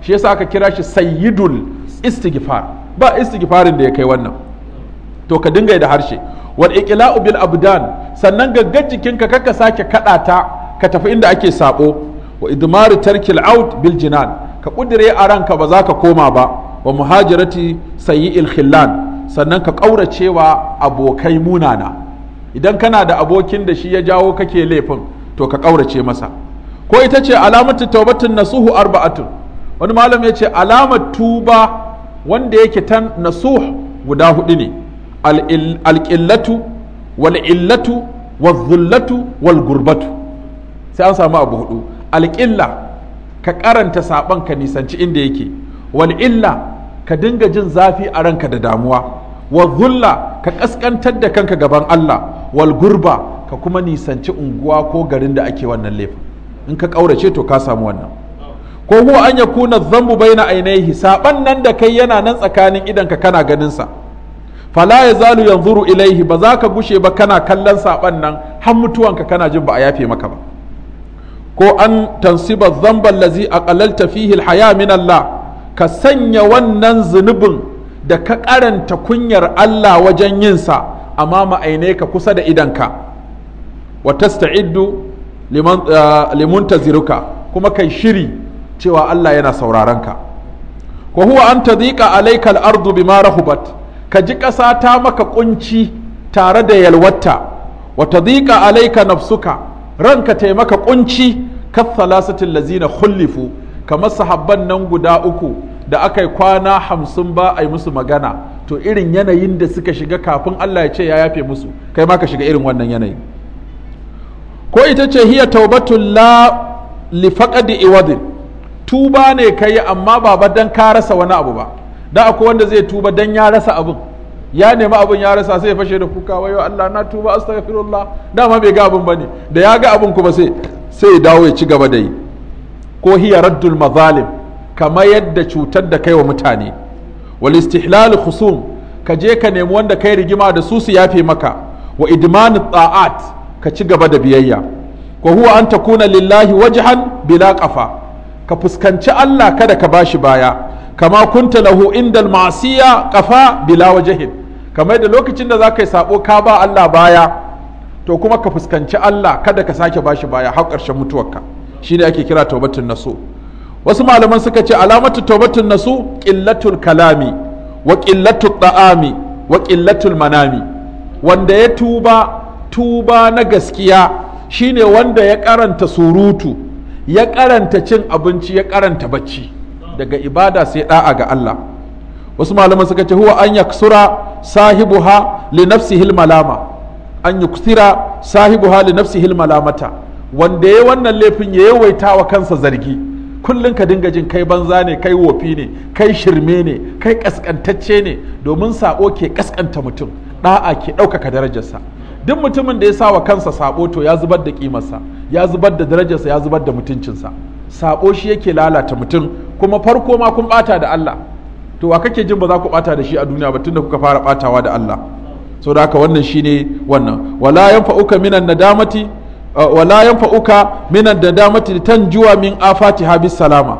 shi yasa aka kira shi sayyidul istighfar ba istighfarin da ya kai wannan to ka dinga da harshe wal iqla'u bil abdan sannan gaggar kar kakka sake kada ta ka tafi inda ake sabo wa idmaru tarkil out bil jinan ka kudire a ranka ba za ka koma ba wa muhajirati sayyi'il khillan sannan ka kauracewa abokai munana idan kana da abokin da shi ya jawo kake laifin to ka ƙaurace masa ko ita ce alamatu taubatin nasuhu arba'atun wani malam ya ce alamar tuba wanda yake ta nasuhu guda hudu ne alƙillatu wal illatu wal sai an samu abu hudu alƙilla ka karanta saban ka nisanci inda yake Walilla ka dinga jin zafi a ranka da damuwa wa ka ƙasƙantar da kanka gaban Allah Walgurba ka kuma nisanci unguwa ko garin da ake wannan laifin in ka ƙaurace to ka samu wannan ko huwa an zambu bai na ainihi saban nan da kai yana nan tsakanin idan ka kana ganinsa. sa fala zalu yanzuru ilaihi ba za ka gushe ba kana kallon saɓan nan har mutuwan ka kana jin ba a yafe maka ba ko an tansiba lazi a ƙalalta fihil haya min Allah ka sanya wannan zunubin da ka karanta kunyar Allah wajen yinsa Amma ka kusa da idanka wa tasta'iddu liman ah, limuntaziruka kuma kai shiri cewa Allah yana sauraron ka ko huwa an ta alayka al-ardu bima rahubat ka ji ƙasa ta maka kunci tare da yalwata wa tadhiqa alayka nafsuka ranka ta maka kunci kathalasatil lazina khullifu kamar sahabban nan guda uku da aka yi kwana hamsin ba a yi musu magana to irin yanayin da suka shiga kafin Allah ya ce ya yafe musu kai ma ka shiga irin wannan yanayi ko ita ce hiya taubatul la li faqadi iwadin tuba ne kai amma baba dan ka rasa wani abu ba da akwai wanda zai tuba dan ya rasa abun, ya nemi abun ya rasa sai ya fashe da kuka wayo Allah na tuba astaghfirullah dama bai ga abin bane da ya ga abun kuma sai sai ya dawo ya ci gaba da yi ko hiya raddul mazalim kamar yadda cutar da kai wa mutane Walistihlalu istihlal kaje ka nemi wanda kayi rigima da su su yafe maka wa idman ta'at ka ci gaba da biyayya wa huwa an takuna lillahi wajahan bila kafa. ka fuskanci Allah kada ka bashi baya kama kunta lahu indal ma'siya qafa bila wajhin Kamai da lokacin da zaka yi saɓo ka ba Allah baya to kuma ka fuskanci Allah kada ka sake bashi baya har ƙarshen mutuwarka shine ake kira taubatun naso wasu malaman suka ce alamatu taubatun nasu ƙillatul kalami wa ƙillatul ɗa'ami wa ƙillatul manami wanda ya tuba tuba na gaskiya shine wanda ya karanta surutu ya karanta cin abinci ya karanta bacci daga ibada sai da'a ga Allah wasu malaman suka ce huwa an yaksura sahibuha li nafsihi malama an yuksira sahibuha li nafsihi malamata wanda ya wannan laifin ya yawaita wa kansa zargi kullum ka dinga jin kai banza ne kai wofi ne kai shirme ne kai kaskantacce ne domin sabo ke kaskanta mutum da'a ke ɗaukaka darajarsa duk mutumin da ya sa wa kansa sabo to ya zubar da kimarsa ya zubar da darajarsa ya zubar da mutuncinsa sabo shi yake lalata mutum kuma farko ma kun bata da Allah to wa kake jin ba za ku bata da shi a duniya ba tunda kuka fara batawa da Allah so da haka wannan shine wannan wala yanfa'uka minan nadamati Eh, wala yanfa'uka min nadamati tanjuwa min afati habis salama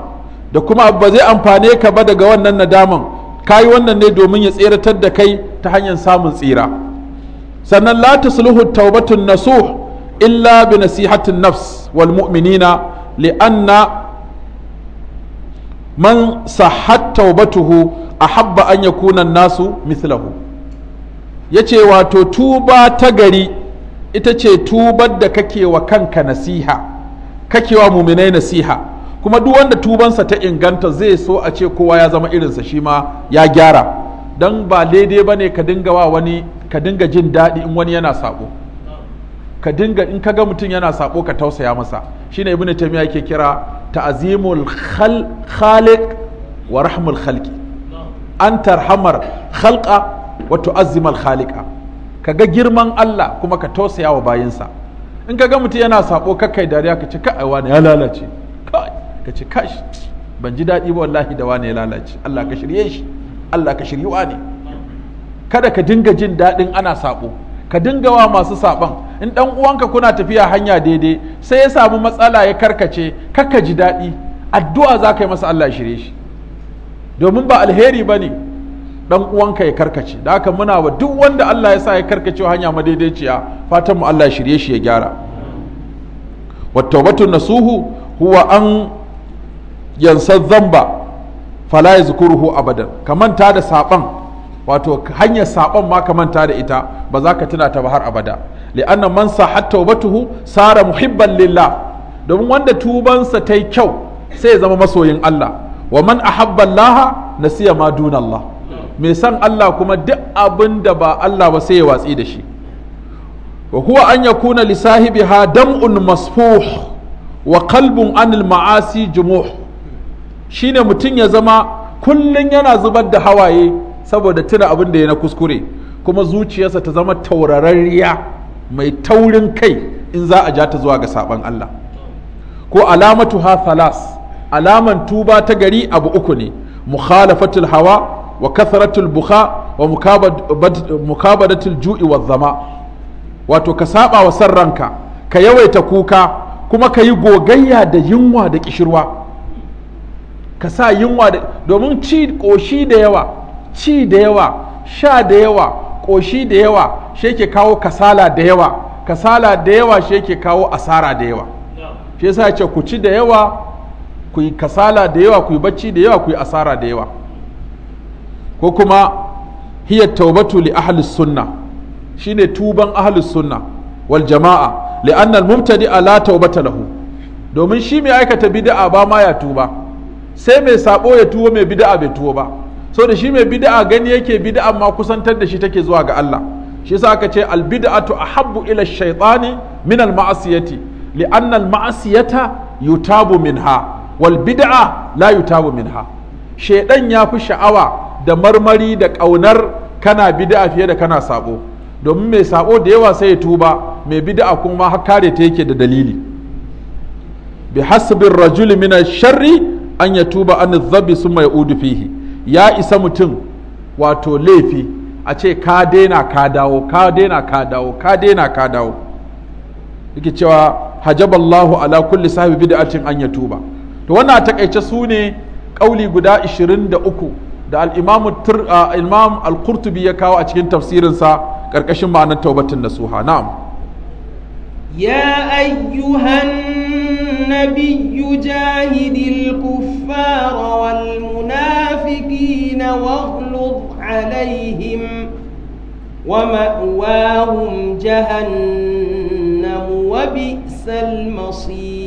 da kuma ba zai amfane ka ba daga wannan nadaman kayi wannan ne domin ya tseratar da kai ta hanyar samun tsira sannan la tasluhu taubatun nasuh illa bi nasihatin nafs wal mu'minina li anna man sahat taubatuhu habba an yakuna nasu mislahu yace wato tuba ta gari ita ce tubar da kake wa kanka nasiha kake wa muminai nasiha kuma duk wanda tubansa ta inganta zai so a ce kowa ya zama irinsa shi ma ya gyara don ba daidai ba ne ka dinga wa wani ka dinga jin daɗi in wani yana sabo ka dinga in ga mutum yana saɓo ka tausaya masa shi shine ibn taimiyya yake kira ta'zimul khaliq wa rahmul khalqi an tarhamar khalqa wa tu'azzimul khaliqa ka ga girman Allah kuma ka tausaya wa bayinsa in ka ga mutum yana sabo kakai dariya ka ce ka wani ya lalace ka ce kash ban ji daɗi ba wallahi da wani ya lalace Allah ka shirye shi Allah ka shirye wani kada ka dinga jin daɗin ana sabo ka dinga wa masu saban in dan uwanka kuna tafiya hanya daidai sai ya samu matsala ya karkace kaka ji daɗi addu'a za ka yi masa Allah shirye shi domin ba alheri ba ne dan uwanka ya karkace da haka muna wa duk wanda Allah ya sa ya karkace hanya madaidaiciya fatan mu Allah ya shirye shi ya gyara wa tawbatun nasuhu huwa an yansa zamba fala yazkuruhu abadan ta da saban wato hanyar saban ma ta da ita ba za ka tuna ta ba har abada li'anna man sahat tawbatuhu sara muhibban lillah domin wanda tubansa ta yi kyau sai ya zama masoyin Allah wa man ahabba Allah nasiya ma dunallah Allah mai san Allah kuma duk abin da ba Allah ba sai ya watsi da shi wa huwa an yakuna li ha dam'un masfuh wa qalbun anil ma'asi jumuh shine mutum ya zama kullum yana zubar da hawaye saboda tuna abin da ya na kuskure kuma zuciyarsa ta zama taurarariya mai taurin kai in za a ja ta zuwa ga saban Allah ko alamatu ha thalas alaman tuba ta gari abu uku ne mukhalafatul hawa wa kasaratul buha wa mukabadatul ju'i wa zama wato ka saba wa san ranka ka yawaita kuka kuma ka yi gogayya da yunwa da kishirwa ka sa yunwa da domin ci koshi da yawa ci da yawa sha da yawa koshi da yawa shi yake kawo kasala da yawa kasala da yawa shi yake kawo asara da yawa shi yasa ce ku ci da yawa ku yi kasala da yawa ku yi bacci da yawa ku yi asara da yawa ko kuma hiya taubatu li ahli sunna shine tuban ahli sunna wal jama'a li'anna al mubtadi'a la taubata lahu domin shi mai aikata bid'a ba ma ya tuba sai mai sabo ya tuwo mai bid'a bai tuwo ba da shi mai bid'a gani yake bid'a ma kusantar da shi take zuwa ga Allah shi yasa aka ce al bid'atu ahabbu ila shaytani min al ma'asiyati li'anna al ma'asiyata yutabu minha wal bid'a la yutabu minha shaydan ya fi sha'awa da marmari da ƙaunar kana bid'a fiye da kana sabo domin mai sabo da yawa sai ya tuba mai bid'a kuma har kare ta yake da dalili bi hasbin rajul min sharri an ya tuba an zabi sun mai udu fihi ya isa mutum wato laifi a ce ka daina ka dawo ka daina ka dawo ka daina ka dawo yake cewa hajaballahu ala kulli sahibi bid'atin an ya tuba to wannan a takaice su ne kauli guda 23 da al-imam al-qurtubi ya kawo a cikin tafsirinsa karkashin ma'anar taubatin nasuha na'am ya ayyuhan nabiyyu jahidil kuffara wal munafiqina waghlud alaihim ومأواهم wa bi'sal masir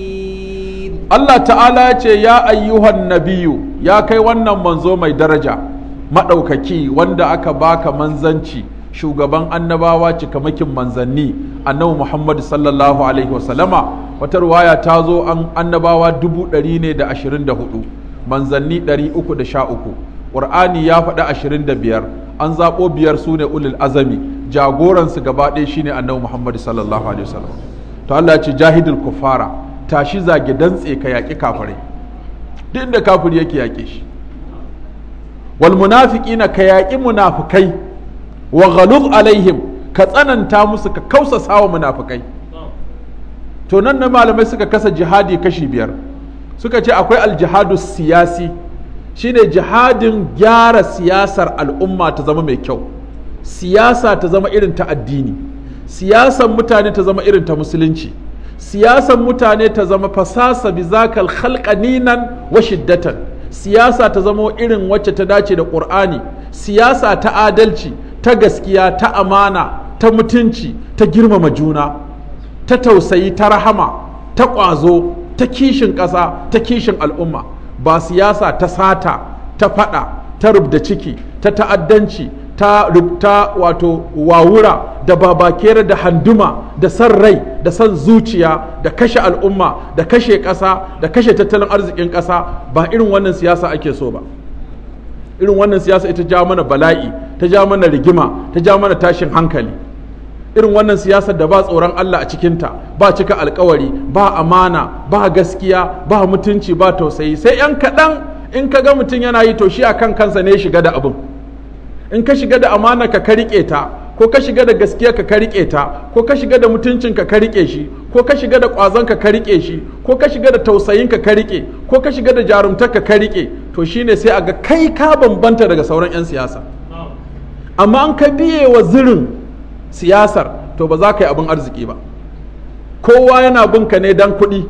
Allah ta'ala ya ce ya ayyuhan nabiyu ya kai wannan manzo mai daraja maɗaukaki wanda aka baka manzanci shugaban annabawa cikamakin manzanni annabi Muhammad sallallahu alaihi wasallama wata ruwaya ta zo an annabawa dubu ɗari ne da ashirin da hudu manzanni ɗari uku da sha uku ƙur'ani ya faɗi ashirin da biyar an zaɓo biyar su ne ulul azami jagoransu gaba ɗaya shine annabi Muhammad sallallahu alaihi wasallama to Allah ya ce jahidul kufara tashi zage dantse ka yaƙi kafirai duk inda kafir yake yaƙe shi wal na ka yaƙi munafukai, wa ghaluz alaihim ka tsananta musu ka kausasa wa munafukai. to nan na malamai suka kasa jihadi kashi biyar suka ce akwai aljihadu siyasi shine jihadin gyara siyasar al'umma ta zama mai kyau siyasa ta zama irin ta addini siyasar mutane ta zama irin ta musulunci siyasar mutane ta zama fasasa bi zakal khalqaninan wa shiddatan siyasa ta zama irin wacce ta dace da qur'ani siyasa ta adalci ta gaskiya ta amana ta mutunci ta girmama juna ta tausayi ta rahama ta ƙwazo ta kishin ƙasa ta kishin al'umma ba siyasa ta sata ta faɗa ta rubda ciki ta ta'addanci ta rubta wato wawura da babakera da handuma da san rai da san zuciya da kashe al'umma da kashe ƙasa da kashe tattalin arzikin ƙasa ba irin wannan siyasa ake so ba irin wannan siyasa ita ja mana bala'i ta ja mana rigima ta ja mana tashin hankali irin wannan siyasa da ba tsoron Allah a cikinta ba cika alkawari ba amana ba gaskiya ba mutunci ba tausayi sai 'yan kaɗan in ka ga mutum yana yi to shi a kan kansa ne shiga da abin in ka shiga da amana ka karike ta ko ka shiga da gaskiya ka karike ta ko ka shiga da mutuncin ka karike shi ko ka shiga da ƙwazon ka karike shi ko ka shiga da tausayin ka karike ko ka shiga da jarumtar ka karike to shine sai a ga kai ka bambanta daga sauran 'yan siyasa amma an ka biye wa zirin siyasar to ba za ka yi abin arziki ba kowa yana bin ka ne dan kuɗi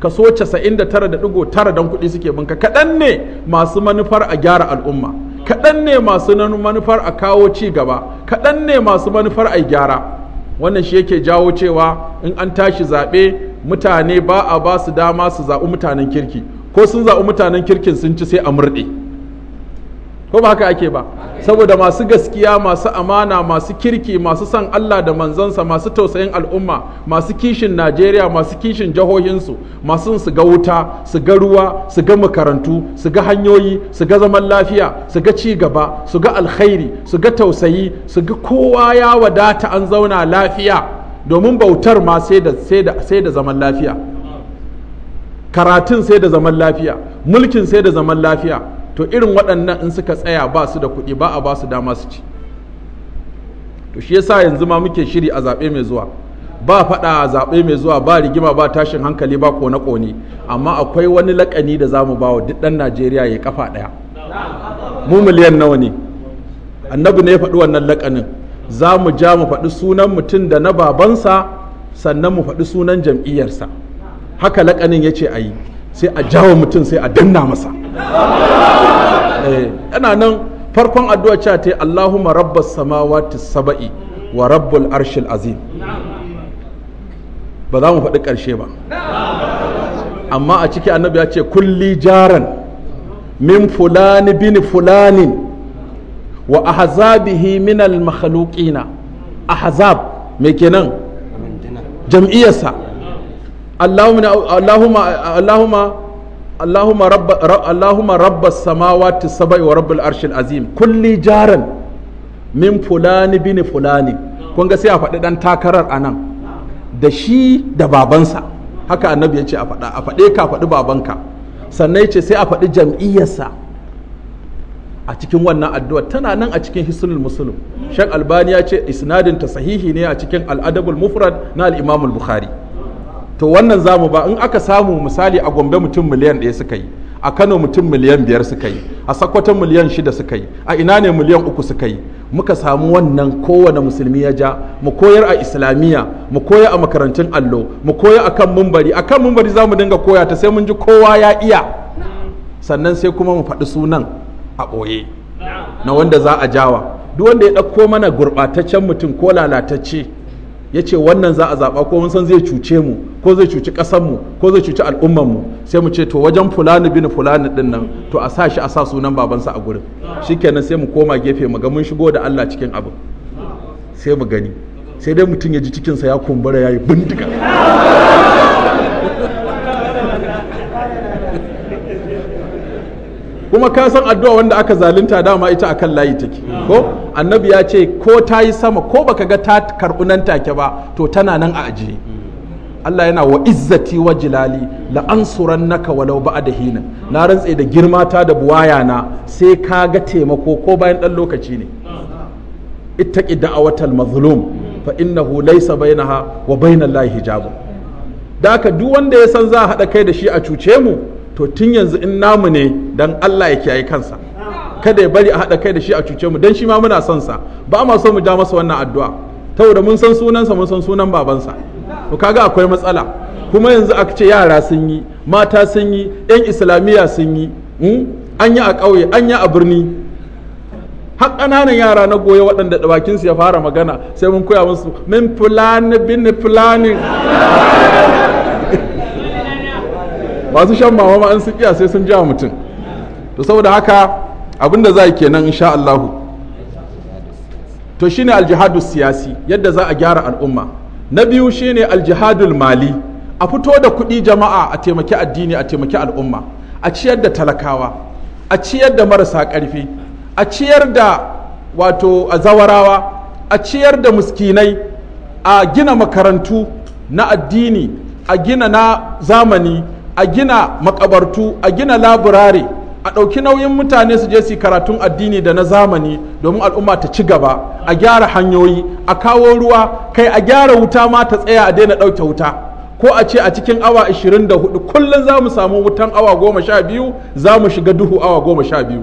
kaso 99.9 dan kuɗi suke bin ka kaɗan ne masu manufar a gyara al'umma kaɗan ne masu manufar a kawo ci gaba kaɗan ne masu manufar a gyara wannan shi yake jawo cewa in an tashi zaɓe mutane ba a ba su dama su zaɓi mutanen kirki ko sun zaɓi mutanen kirkin sun ci sai a murɗe ko ba haka ake ba saboda masu gaskiya masu amana masu kirki masu son Allah da manzansa masu tausayin al'umma masu kishin Najeriya masu kishin jihohinsu masu su ga wuta su ga ruwa su ga makarantu su ga hanyoyi su ga zaman lafiya su ga ci gaba su ga alkhairi su ga tausayi su ga kowa ya wadata an zauna lafiya domin bautar ma sai da sai da zaman lafiya karatun sai da zaman lafiya mulkin sai da zaman lafiya to irin waɗannan in suka tsaya ba su da kuɗi ba a ba su dama su ci to shi yasa yanzu ma muke shiri a zaɓe mai zuwa ba faɗa a zaɓe mai zuwa ba rigima ba tashin hankali ba kone-kone amma akwai wani laƙani da za mu ba wa duk ɗan najeriya ya kafa ɗaya mu miliyan nawa ne annabi ne ya faɗi wannan laƙanin za mu ja mu faɗi sunan mutum da na babansa sannan mu faɗi sunan jam'iyyarsa haka laƙanin ya ce a yi sai a jawo mutum sai a danna masa yana eh, nan farkon addu'a cewa ta Allahumma rabbas samawati saba'i wa rabbul arshil azim ba za mu faɗi ƙarshe ba amma a ciki annabi ya ce kulli jaran min fulani bin fulanin wa ahzabihi min al makhluqina ahzab me kenan jam'iyyarsa Allahumma Allahumma Allahumma rabba sama rabba samawati sabai wa Rabbal arshil azim kulli jaran min fulani bin fulani kun ga sai a faɗi ɗan takarar anan da shi da babansa haka annabi ya ce a faɗa a faɗe ka faɗi babanka sannan ya ce sai a faɗi jam'iyyarsa a cikin wannan addu'a tana nan a cikin hisnul muslim shek albani ya ce isnadin sahihi ne a cikin al'adabul mufrad na alimamul bukhari to wannan zamu ba in aka samu misali a gombe mutum miliyan ɗaya suka yi a kano mutum miliyan biyar suka yi a sakkwato miliyan shida suka yi a ina ne miliyan uku suka yi muka samu wannan kowane musulmi ya ja mu koyar a islamiyya mu koya a makarantun allo mu koya a kan mumbari a kan mumbari za mu dinga koya ta sai mun ji kowa ya iya sannan sai kuma mu faɗi sunan a ɓoye na wanda za a jawa duk wanda ya ɗauko mana gurɓataccen mutum ko lalatacce ya ce wannan za a zaɓa ko mun san zai cuce mu ko zai cuci mu ko zai cuci mu sai mu ce to wajen fulani bin fulani ɗin nan to a sa shi a sa sunan babansa a gurin kenan sai mu koma gefe mu ga mun shigo da Allah cikin abin sai mu gani sai dai mutum ya ji cikinsa ya kumbura ya yi bindiga kuma ka san addu'a wanda aka zalunta dama ita akan layi take ko annabi ya ce ko ta yi sama ko baka ga ta karɓi nan take ba to tana nan a ajiye Allah yana wa izzati wa jilali la ansuran naka walau da hina na rantse da girma ta da buwaya na sai ka ga taimako ko bayan dan lokaci ne ittaqi da'awatal mazlum fa innahu laysa bainaha wa bainal lahi hijabu daka duk wanda ya san za a haɗa kai da shi a cuce mu to tun yanzu in namu ne dan Allah ya kiyaye kansa kada ya bari a haɗa kai da shi a cuce mu don shi ma muna son sa ba ma so mu ja masa wannan addu'a saboda mun san sunansa mun san sunan babansa to kaga akwai matsala kuma yanzu aka ce yara sun yi mata sun yi yan islamiyya sun yi hmm? an yi a ƙauye an yi a birni har ƙananan yara na goya waɗanda bakinsu ya fara magana sai mun koya musu min fulani bin fulani masu shan mama an su kiya sai sun ja mutum to saboda haka abinda za a kenan sha Allahu to shine aljihadu siyasi yadda za a gyara al'umma na biyu shine aljihadul mali a fito da kuɗi jama'a a taimaki addini a taimaki al'umma a ciyar da talakawa a ciyar da marasa ƙarfi a ciyar da wato a zawarawa a ciyar da muskinai a gina makarantu na addini a gina na zamani a gina makabartu a gina laburare a ɗauki nauyin mutane su je su karatun addini da na zamani domin al'umma ta ci gaba a gyara hanyoyi a kawo ruwa kai a gyara wuta ma ta tsaya a daina ɗauke wuta ko a ce a cikin awa 24 kullum za mu samu wutan awa 12 za mu shiga duhu awa 12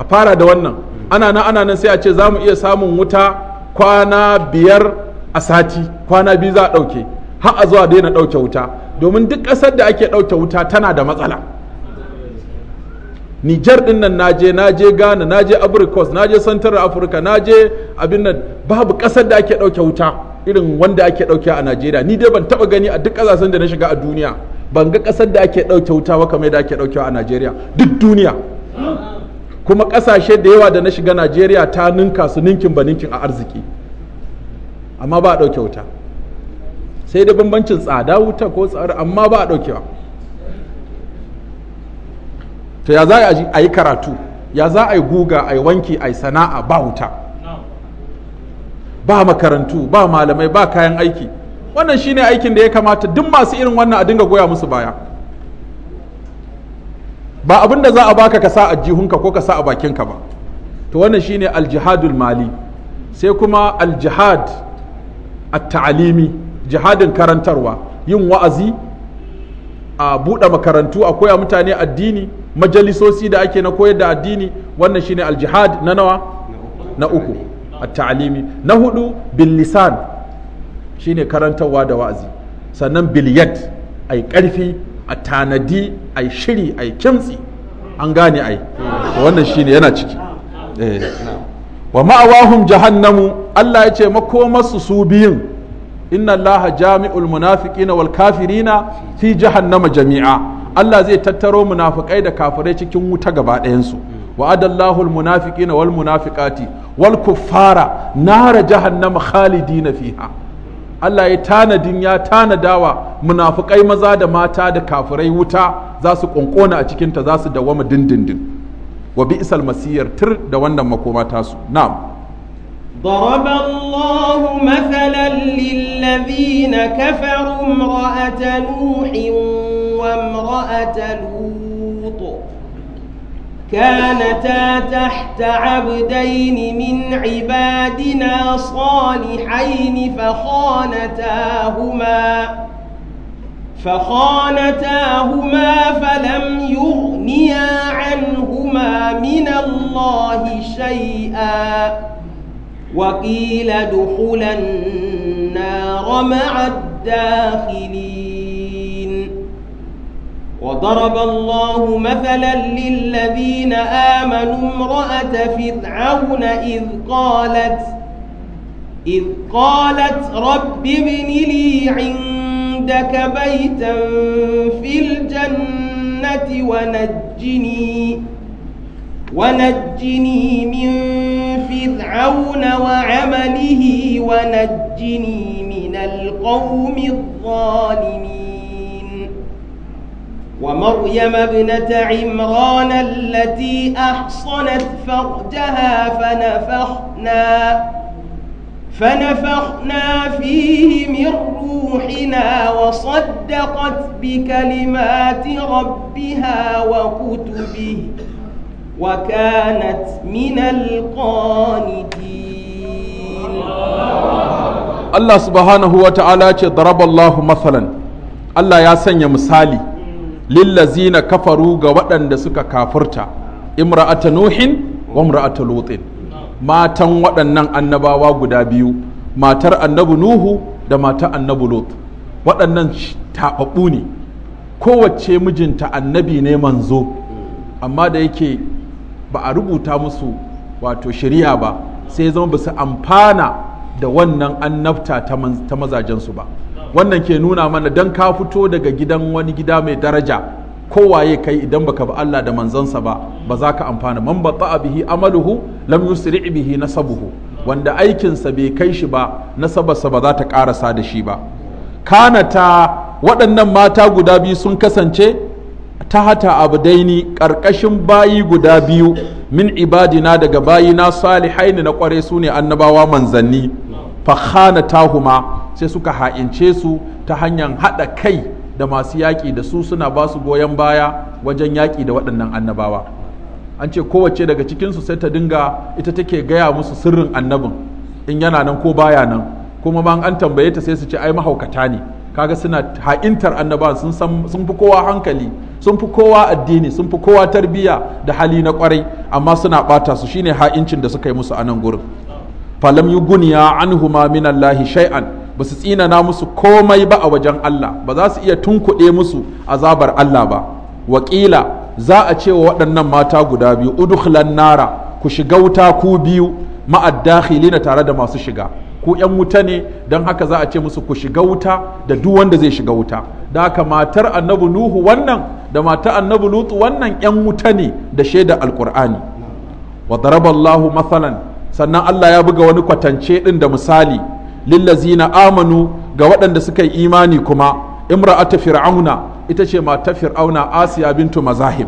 a fara da wannan ana nan ana nan sai a ce za mu iya samun wuta kwana biyar a sati kwana biyu za a ɗauke har a zuwa daina ɗauke wuta domin duk ƙasar da ake ɗauke wuta tana da matsala Nijar ɗin nan naje naje Ghana naje Abrikos naje Central Africa naje abin nan babu ƙasar da ake ɗauke wuta irin wanda ake ɗauke a Najeriya ni dai ban taɓa gani a duk ƙasashen da na shiga a duniya ban ga ƙasar da ake ɗauke wuta ba kamar da ake ɗauke a Najeriya duk duniya kuma ƙasashe da yawa da na shiga Najeriya ta ninka su ninkin ba ninkin a arziki amma ba a ɗauke wuta sai da bambancin tsada wuta ko tsari amma ba a ɗaukewa to ya za a yi karatu ya za a yi guga a yi wanki a yi sana'a ba wuta ba makarantu ba malamai ba kayan aiki wannan shine aikin da ya kamata duk masu irin wannan a dinga goya musu baya ba abin da za a baka ka sa a jihunka ko ka sa a bakinka ba to wannan shine aljihadul mali sai kuma aljihad at-ta'alimi jihadin karantarwa yin wa'azi a buɗe makarantu a koya mutane addini majalisosi da ake na koyar da addini wannan shine aljihad na nawa na uku a taalimi na hudu bil lisan shine karantarwa da wa'azi sannan yad ai karfi a tanadi ai shiri ai kimtsi an gane ai wannan shine yana ciki eh. wa ma'awahum jahannamu Allah ya ce makomarsu su biyun inna allaha jami'ul munafiqina wal kafirina fi jahannama jami'a Allah zai tattaro munafikai da kafirai cikin wuta gaba ɗayansu wa'adallahu al munafiqina wal munafiqati wal kuffara nara jahannama khalidina fiha Allah ya tanadin ya tanadawa munafikai maza da mata da kafirai wuta za su a cikinta za su dawama dindindin wa bi'sal masiyar tir da wannan makoma tasu na'am ضرب الله مثلا للذين كفروا امرأة نوح وامرأة لوط كانتا تحت عبدين من عبادنا صالحين فخانتاهما فخانتاهما فلم يغنيا عنهما من الله شيئا وقيل دخل النار مع الداخلين وضرب الله مثلا للذين آمنوا امرأة فرعون إذ قالت إذ قالت رب ابن لي عندك بيتا في الجنة ونجني ونجني من فرعون وعمله ونجني من القوم الظالمين ومريم ابنة عمران التي أحصنت فرجها فنفخنا فنفخنا فيه من روحنا وصدقت بكلمات ربها وكتبه Allah من القانتين الله سبحانه وتعالى ضرب الله مثلا الله يا سنيا مثالي lillazina kafaru ga waɗanda suka kafurta imra'ata nuhin wa imra'ata lutin matan waɗannan annabawa guda biyu matar annabi nuhu da matar annabi lut waɗannan taɓaɓɓu ne kowacce mijinta annabi ne manzo amma da yake ba a rubuta musu wato shari'a ba sai zama ba amfana da wannan annabta ta mazajensu ba wannan ke nuna mana don ka fito daga gidan wani gida mai daraja kowaye kai idan baka bi Allah da manzansa ba ba za ka amfana man ba bihi amaluhu lam yusri bihi nasabuhu wanda aikinsa bai kai shi ba nasabarsa ba za ta karasa da shi ba Kanata waɗannan mata guda biyu sun kasance ta hata abu daini ƙarƙashin bayi guda biyu min ibadina daga bayi na salihaini na kware su ne annabawa manzanni fakhana tahuma sai suka ha'ince su ta hanyar haɗa kai da masu yaƙi da su suna ba su goyon baya wajen yaƙi da waɗannan annabawa an ce kowace daga cikinsu sai ta dinga ita take gaya musu sirrin annabin in yana nan ko baya nan kuma ma an tambaye ta sai su ce ai mahaukata ne kaga suna ha'intar annabawan sun fi kowa hankali sun fi kowa addini sun fi kowa tarbiyya da hali na kwarai amma suna bata su shine ha'incin da suka yi musu a nan gurin falam An huma min Allahi shay'an ba su tsinana musu komai ba a wajen Allah ba za su iya tunkuɗe musu azabar Allah ba wakila za a ce wa waɗannan mata guda biyu udkhlan nara ku shiga wuta ku biyu na tare da masu shiga ku 'yan wuta ne don haka za a ce musu ku shiga wuta da duk wanda zai shiga wuta da haka matar annabi nuhu wannan da matar annabi lutu wannan yan wuta ne da shaida alkur'ani wa daraballahu sannan Allah ya buga wani kwatance din da misali lillazina amanu ga waɗanda suka yi imani kuma imra'atu fir'auna ita ce matar fir'auna asiya bintu mazahib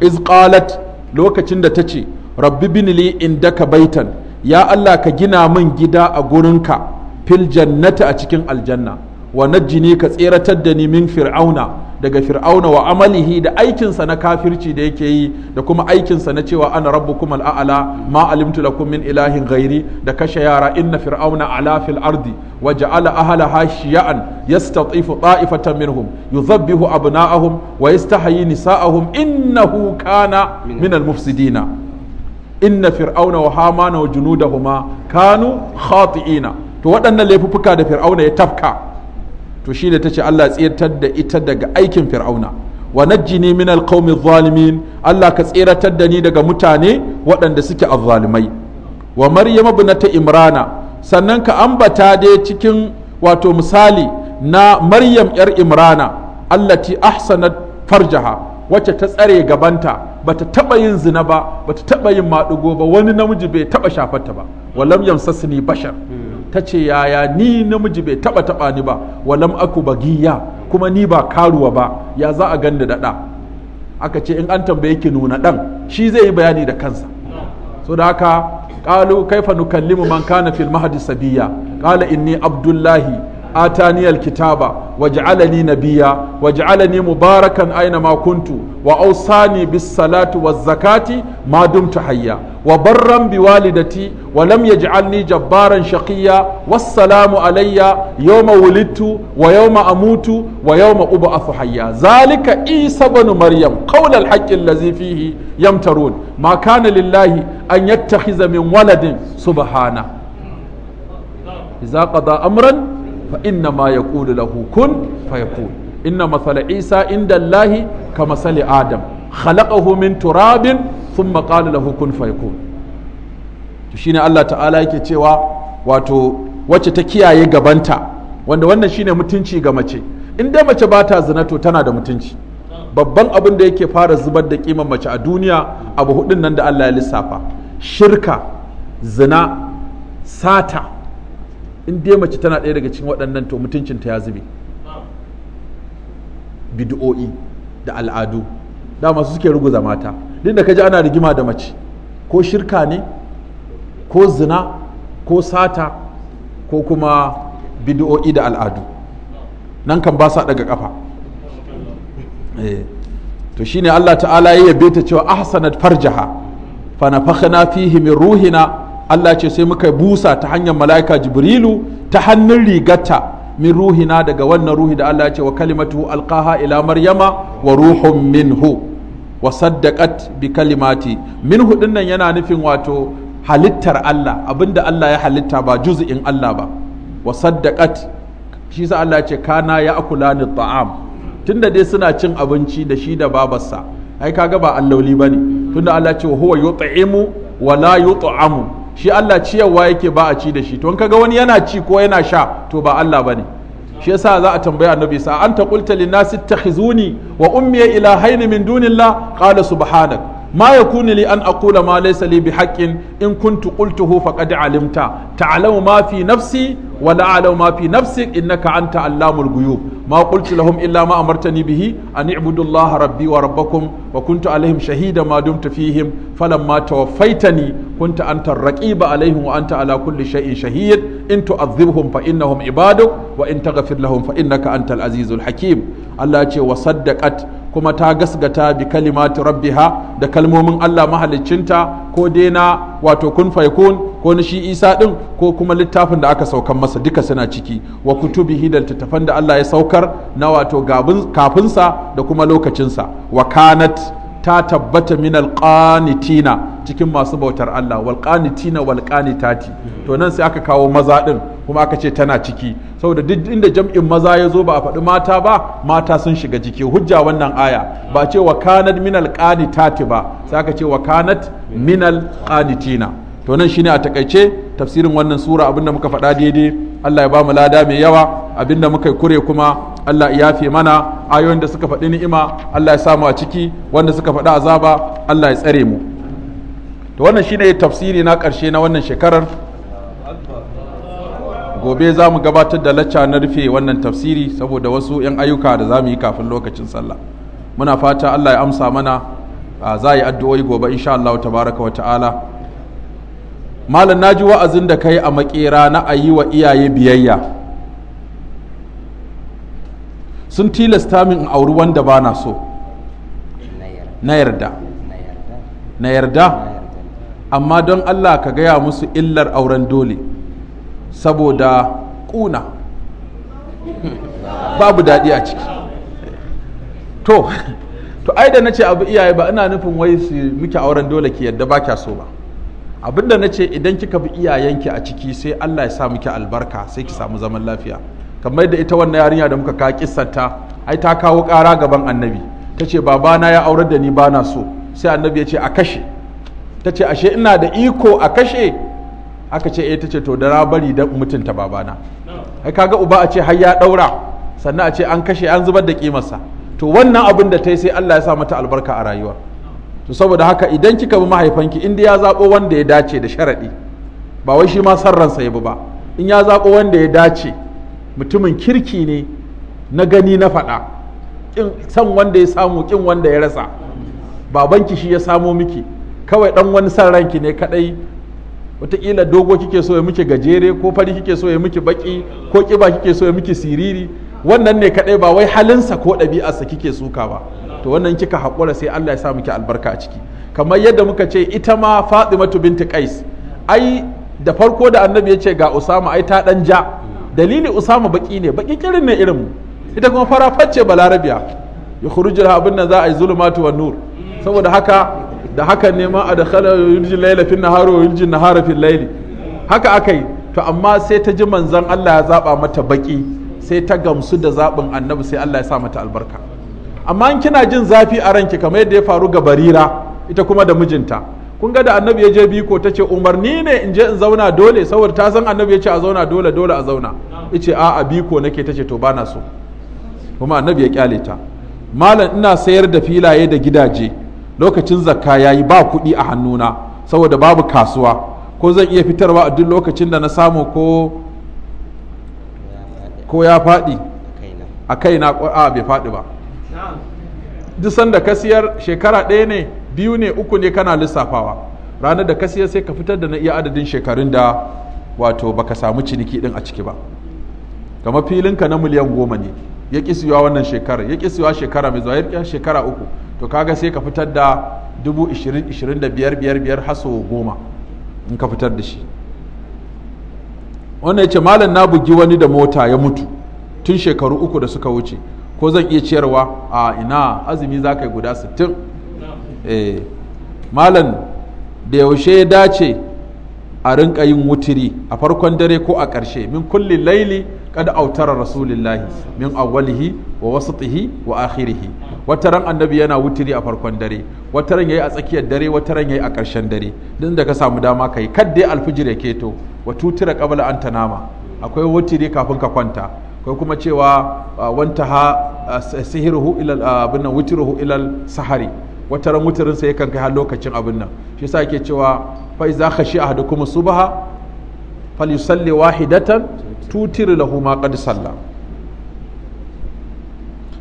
iz qalat lokacin da ta ce rabbi binili daka baitan ya Allah ka gina min gida a gurinka fil jannati a cikin aljanna wa najjini ka tseratar da ni min fir'auna daga fir'auna wa amalihi da aikinsa na kafirci da yake yi da kuma aikinsa na cewa ana rabbukum al'ala ma alimtu lakum min ilahin ghairi da kashe yara inna fir'auna ala fil ardi wa ja'ala ahlaha shiya'an yastatifu ta'ifatan minhum yudhabbihu abna'ahum wa yastahyi nisa'ahum innahu kana min al-mufsidina inna fir'auna wa hamana wa junudahuma kanu khati'ina to waɗannan laifuffuka da fir'auna ya tafka to ta ce Allah tsirtar da ita daga aikin fir'auna wa najjini min alqawmi zalimin Allah ka tsiratar da ni daga mutane waɗanda suke azzalimai wa maryama ta imrana sannan ka ambata dai cikin wato misali na maryam yar imrana Allah allati ahsanat farjaha wacce ta tsare gabanta bata taba yin zina ba bata taɓa yin maɗigo ba wani namiji bai taɓa shafarta ba Wa walam yamsasni bashar ta ce yaya ni namiji bai taba taba ni ba walam aku bagiya kuma ni ba karuwa ba ya za a ganda da ɗa aka ce in an tambaye ki nuna ɗan shi zai yi bayani da kansa so da haka ƙalu kaifa nukallimu man kana fil mahdi sabiya qala inni abdullahi آتاني mubarakan aina نبيا وجعلني مباركا أينما كنت وأوصاني wa zakati ma dumtu hayya wa barran bi walidati wa lam yaj'alni jabbaran shaqiyya wassalamu alayya yawma wulitu wa yawma amutu wayauma yawma ub'athu hayya zalika isa ibn maryam qawl al-haqq allazi fihi yamtarun ma an yattakhiza min waladin subhana idza qada amran fa inna ma yaqulu lahu kun fayakun inna mathala isa inda allahi ka masali adam kalaƙa min turabin Sun qala lahu hukun faiko to shine Allah ta'ala yake cewa wato wacce ta kiyaye gabanta wanda wannan shine mutunci ga mace in dai mace ba ta zina to tana da mutunci babban abin da yake fara zubar da kiman mace a duniya abu hudun nan da Allah ya lissafa shirka zina sata in dai mace tana ɗaya daga cikin waɗannan to mutuncinta ya zube bid'o'i da al'adu da masu suke ruguza mata duk da kaji ana rigima da mace ko shirka ne ko zina ko sata ko kuma bidiyo'i da al'adu nan kan ba sa daga kafa eh, to shine Allah ta'ala ya yabe ta cewa ahsanat farjaha fa nafakhna fihi min ruhina Allah ce sai muka busa ta hanyar mala'ika jibrilu ta hannun rigata min ruhina daga wannan ruhi da Allah ce wa kalimatu alqaha ila maryama wa ruhun minhu wa saddaqat bi kalimati Min hudun nan yana nufin wato halittar Allah abinda Allah ya halitta ba juz'in Allah ba wa saddaqat shi sa Allah ce kana ya akulani ta'am tunda dai suna cin abinci da shi da babarsa ai kaga ba alloli bane tunda Allah ce huwa yut'imu wa la yut'amu shi Allah ciyarwa yake ba a ci da shi to in kaga wani yana ci ko yana sha to ba Allah bane shi yasa za a tambaya annabi sa anta qulta lin nas ittakhizuni wa ummi ilahayn min dunillah qala subhanak ma yakunu li an aqula ma laysa li bihaqqin in kuntu qultuhu faqad alimta ta'lamu ma fi nafsi wa la a'lamu ma fi nafsik innaka anta allamul ghuyub ma qultu lahum illa ma amartani bihi an i'budu allaha rabbi wa rabbakum wa kuntu alaihim shahida ma dumtu fihim falamma tawaffaitani kunta anta ar-raqiba alaihim wa anta ala kulli shay'in shahid in tu'adhibhum fa innahum ibaduk wa in taghfir lahum fa innaka antal azizul hakim Allah ce wa saddaqat kuma ta gasgata bi kalimati rabbiha da kalmomin Allah mahaliccinta ko dena wato kun faikun ko na shi Isa din ko kuma littafin da aka saukan masa duka suna ciki wa kutubihi da littattafan da Allah ya saukar na wato gabin kafinsa da kuma lokacinsa wa kanat ta tabbata min alƙanitina cikin masu bautar Allah walƙanitina walƙanitati to nan sai aka kawo maza ɗin kuma aka ce tana ciki saboda duk inda jam'in maza ya zo ba a faɗi mata ba mata sun shiga jiki hujja wannan aya ba ce wa kanat min alƙanitati ba sai aka ce wa kanat min alƙanitina to nan shine a takaice tafsirin wannan sura abinda muka faɗa daidai Allah ya ba mu lada mai yawa abinda muka kure kuma Allah ya yafe mana ayoyin da suka faɗi ni'ima Allah ya samu a ciki wanda suka faɗi azaba Allah ya tsare mu to wannan shine tafsiri na ƙarshe na wannan shekarar gobe za mu gabatar da lacca na rufe wannan tafsiri saboda wasu 'yan ayyuka da za mu yi kafin lokacin sallah muna fata Allah ya amsa mana za yi addu'o'i gobe insha Allah tabaraka wa ta'ala malam naji wa'azin da kai a makera na ayi wa iyaye biyayya sun tilasta min in auri wanda ba na so na yarda na yarda amma don allah ka gaya musu illar auren dole saboda kuna babu daɗi a ciki to to ai da na ce abu iyaye ba ina nufin wai su miki auren dole ki yadda ba kya so ba abinda ce idan kika bi iyayenki a ciki sai Allah ya sa miki albarka sai ki samu zaman lafiya kamar da ita wannan yarinya da muka ka kissarta ai ta kawo ƙara gaban annabi ta ce babana ya aurar da ni bana so sai annabi ya ce a kashe ta ce ashe ina da iko a kashe aka ce eh ta ce to da na bari da mutunta babana ai kaga uba a ce har ya daura sannan a ce an kashe an zubar da kimarsa to wannan abin da ta yi sai Allah ya sa mata albarka a rayuwa to saboda haka idan kika bi mahaifanki inda ya zabo wanda ya dace da sharadi ba wai shi ma san ransa ya bi ba in ya zabo wanda ya dace mutumin kirki ne na gani na faɗa san wanda ya samu kin wanda ya rasa babanki shi ya samo miki kawai dan wani san ranki ne kadai wataƙila dogo kike so ya miki gajere ko fari kike so ya miki baki ko kiba kike so ya miki siriri wannan ne kadai ba wai halinsa ko ɗabi'arsa kike suka ba to wannan kika haƙura sai Allah ya sa miki albarka a ciki kamar yadda muka ce ita ma Fatimatu binti Qais ai da farko da annabi ya ce ga Usama ai ta dan ja dalili usama baki ne baki kirin ne irin mu ita kuma fara balarabiya ya khurujul abin nan za a yi zulumatu wan nur saboda haka da haka ne ma adkhala yurjil layla fil nahari wa yurjil nahara fil layli haka akai to amma sai ta ji manzon Allah ya zaba mata baki sai ta gamsu da zabin annabi sai Allah ya sa mata albarka amma in kina jin zafi a ranki kamar yadda ya faru ga barira ita kuma da mijinta kun ga da annabi ya je biko ta ce umarni ne in je in zauna dole saboda ta san annabi ya ce a zauna dole dole a zauna ya ce a'a biko nake ta ce to bana so kuma annabi ya kyale ta malam ina sayar da filaye da gidaje lokacin zakka ya yi ba kuɗi a hannuna saboda babu kasuwa ko zan iya fitarwa a duk lokacin da na samu ko ko ya faɗi a kaina a bai faɗi ba duk sanda ka siyar shekara ɗaya ne biyu ne uku ne kana lissafawa ranar da ka siya sai ka fitar da na iya adadin shekarun da wato baka samu ciniki din a ciki ba kamar filinka na miliyan goma ne ya ƙi siyowa wannan shekara ya ƙi siyowa shekara mai zuwa ya shekara uku to kaga sai ka fitar da dubu ishirin ishirin da biyar biyar biyar haso goma in ka fitar da shi wannan ya ce malam na bugi wani da mota ya mutu tun shekaru uku da suka wuce ko zan iya ciyarwa a ina azumi za ka yi guda sittin Eh, malam da yaushe ya dace a rinka yin wutiri a farkon dare ko a ƙarshe min kulli laili kada autara rasulillahi min awwalihi wa wasatihi wa akhirihi wataran annabi yana wutiri a farkon dare wataran yayi a tsakiyar dare wataran yayi a ƙarshen dare din da ka samu dama kai kadde alfijir ya keto wa tutura qabla an tanama akwai wutiri kafin ka kwanta akwai kuma cewa ha eh, sihiruhu ila eh, abinna wutiruhu ila sahari wata ran wutarinsa kan kai har lokacin abin nan shi yasa yake cewa fa iza khashi ahadukum subha falyusalli wahidatan tutir lahu ma qad salla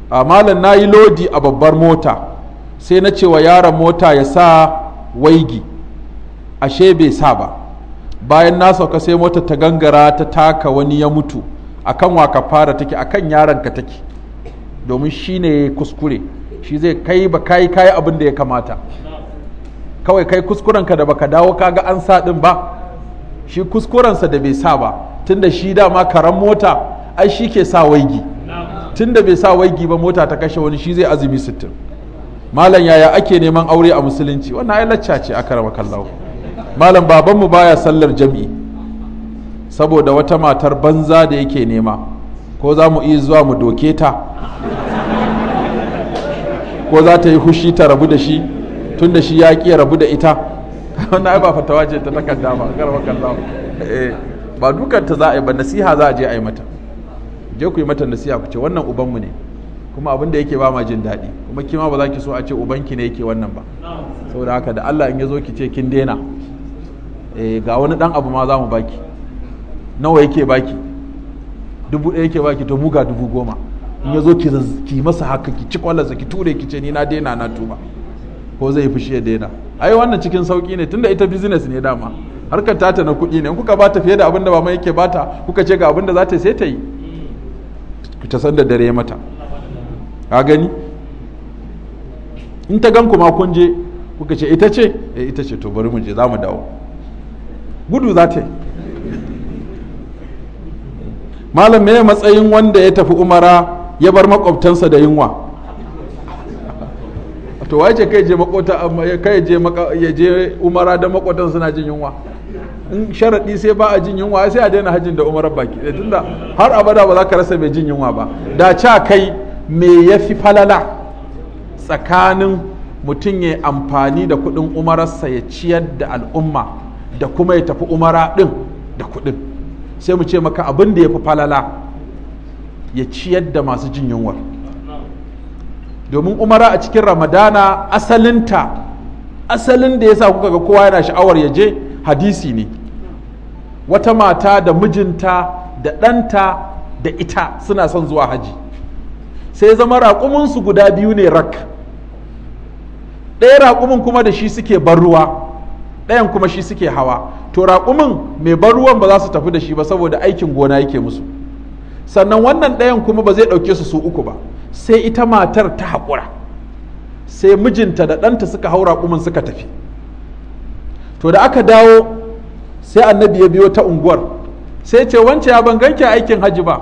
amalan nayi lodi a babbar mota sai na cewa yaron mota ya sa waigi ashe bai sa ba bayan na sauka sai mota ta gangara ta taka wani ya mutu akan waka fara take akan yaron ka take domin shine kuskure shi zai kai ba kai kai abin da ya kamata kawai kai kuskurenka da baka dawo kaga an sa din ba shi kuskurensa da bai sa ba tunda shi dama karan mota ai shi ke sa waigi tunda bai sa waigi ba mota ta kashe wani shi zai azumi sittin malam yaya ake neman aure a musulunci wannan ai lacca ce aka rama kallahu malam babanmu baya sallar jami'i saboda wata matar banza da yake nema ko za mu iya zuwa mu doke ta ko za ta yi hushi ta rabu da shi tun da shi ya ƙi rabu da ita wannan ba fatawa ce ta takarda ba garba kalla ba eh, dukanta za a yi ba nasiha za a je a yi mata je ku yi mata nasiha ku ce wannan ubanmu ne kuma abin da yake ba ma jin daɗi kuma kima ba za ki so a ce ubanki ne yake wannan ba saboda haka da Allah in ya zo ki ce kin daina eh, ga wani ɗan abu ma za mu baki nawa yake baki dubu ɗaya yake baki to buga dubu goma in ya zo ki masa haka ki ci kwallonsa ki ture ki ce ni na daina na tuba ko zai shi ya daina ai wannan cikin sauki ne tunda ita business ne dama harkar tata na kuɗi ne in kuka bata fiye da abin da mai yake bata kuka ce ga abin da za ta sai ta yi ta san da dare mata ka gani in ta gan kuma kun je kuka ce ita ce eh ita ce to bari mu je zamu dawo gudu za ta yi malam me matsayin wanda ya tafi umara ya bar makwabtansa da yunwa to wace kai je ya kai je ya je umara da makwatan suna jin yunwa in sharadi sai ba a jin yunwa sai a daina hajin da umara baki da tunda har abada ba za ka rasa mai jin yunwa ba da cha kai me yafi falala tsakanin mutum ya amfani da kuɗin umararsa ya ciyar da al'umma da kuma ya tafi umara din da kuɗin sai mu ce maka abin da ya fi falala ya ciyar da masu jin yunwar domin umara a cikin ramadana asalinta asalin da ya sa kuka ga kowa yana sha'awar ya je hadisi ne wata mata da mijinta da ɗanta da ita suna son zuwa haji sai zama raƙuminsu guda biyu ne rak ɗaya raƙumin kuma da shi suke bar ruwa ɗayan kuma shi suke hawa to raƙumin mai bar ruwan ba za su tafi da shi ba saboda aikin gona yake musu sannan wannan ɗayan kuma ba zai ɗauke su su uku ba sai ita matar ta haƙura sai mijinta da ɗanta suka haura kuma suka tafi to da aka dawo sai annabi ya biyo ta unguwar sai ce wance ya ban ganke aikin hajji ba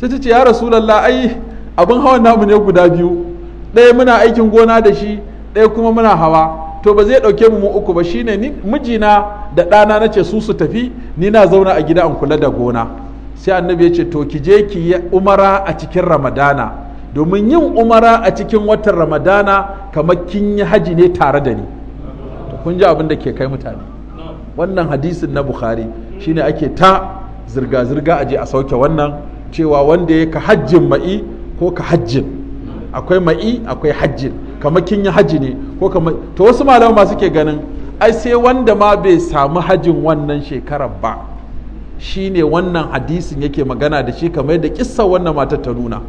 sai ta ce ya rasulallah ai abin hawan namu ne guda biyu ɗaya muna aikin gona da shi ɗaya kuma muna hawa to ba zai ɗauke mu uku ba shine ni mijina da ɗana na ce su su tafi ni na zauna a gida an kula da gona sai annabi ya ce to ki je ki yi umara a cikin ramadana domin yin umara a cikin watan ramadana kamar kin yi haji ne tare da ni to kun ji abin da ke kai mutane wannan hadisin na bukhari shine ake ta zirga-zirga aje a sauke wannan cewa wanda ya ka hajjin ma'i ko ka hajjin akwai ma'i akwai hajjin kamar kin yi haji ne ko kamar to wasu malama suke ganin ai sai wanda ma bai samu hajin wannan shekarar ba Shi ne wannan hadisin yake magana da shi kamar da kissa wannan matar ta nuna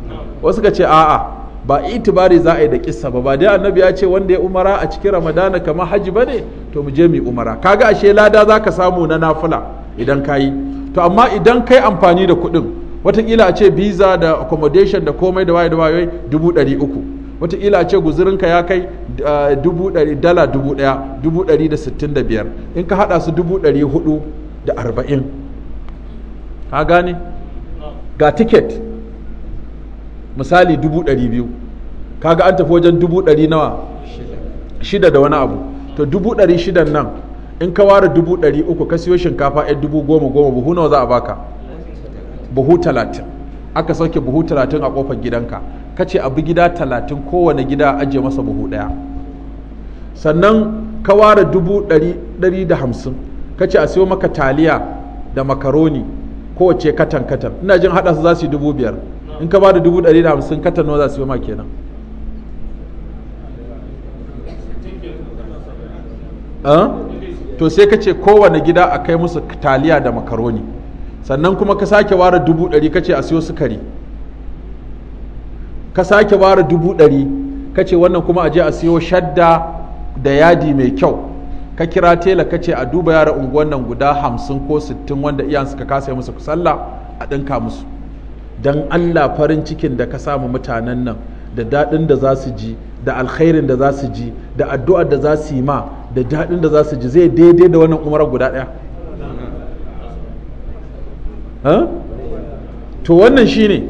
wasu ka ce a'a ba itibari za a yi da kisa ba ba dai annabi ya ce wanda ya umara a cikin ramadana kamar haji ba ne to mu je mu umara ga ashe lada za ka samu na nafila idan ka yi to amma idan kai amfani da kuɗin watakila a ce visa da accommodation da komai da waye da waye dubu ɗari uku watakila a ce guzurinka ya kai eh, dubu ɗari dala dubu ɗaya dubu ɗari da sittin da biyar in ka haɗa su dubu ɗari hudu da arba'in ka gane ga tiket misali dubu ɗari biyu kaga an tafi wajen dubu ɗari nawa shida da wani abu to dubu ɗari shidan nan in ka ware dubu ɗari uku ka siyo shinkafa yan dubu goma goma buhu nawa za a baka buhu talatin aka sauke buhu talatin a kofar gidanka ka ce abu gida talatin kowane gida ajiye masa buhu ɗaya sannan ka ware dubu ɗari da hamsin ka ce a siyo maka taliya da makaroni kowace katan katan ina jin haɗa su za su yi dubu biyar in ka ba da dubu ɗari da hamsin katan nawa za su yi ma kenan ah? to sai ka ce kowane gida a kai musu taliya da makaroni sannan kuma ka sake ware dubu ɗari ka ce a siyo sukari ka sake ware dubu ɗari ka ce wannan kuma a je a siyo shadda da yadi mai kyau ka kira tela ka ce a duba yara unguwan nan guda hamsin ko sittin wanda iyan suka kasa musu ku sallah a ɗinka musu don allah farin cikin da ka samu mutanen nan da daɗin da za su ji da alkhairin da za su ji da addu'ar da za su yi ma da daɗin da za su ji zai daidai da wannan umarar guda ɗaya to wannan shine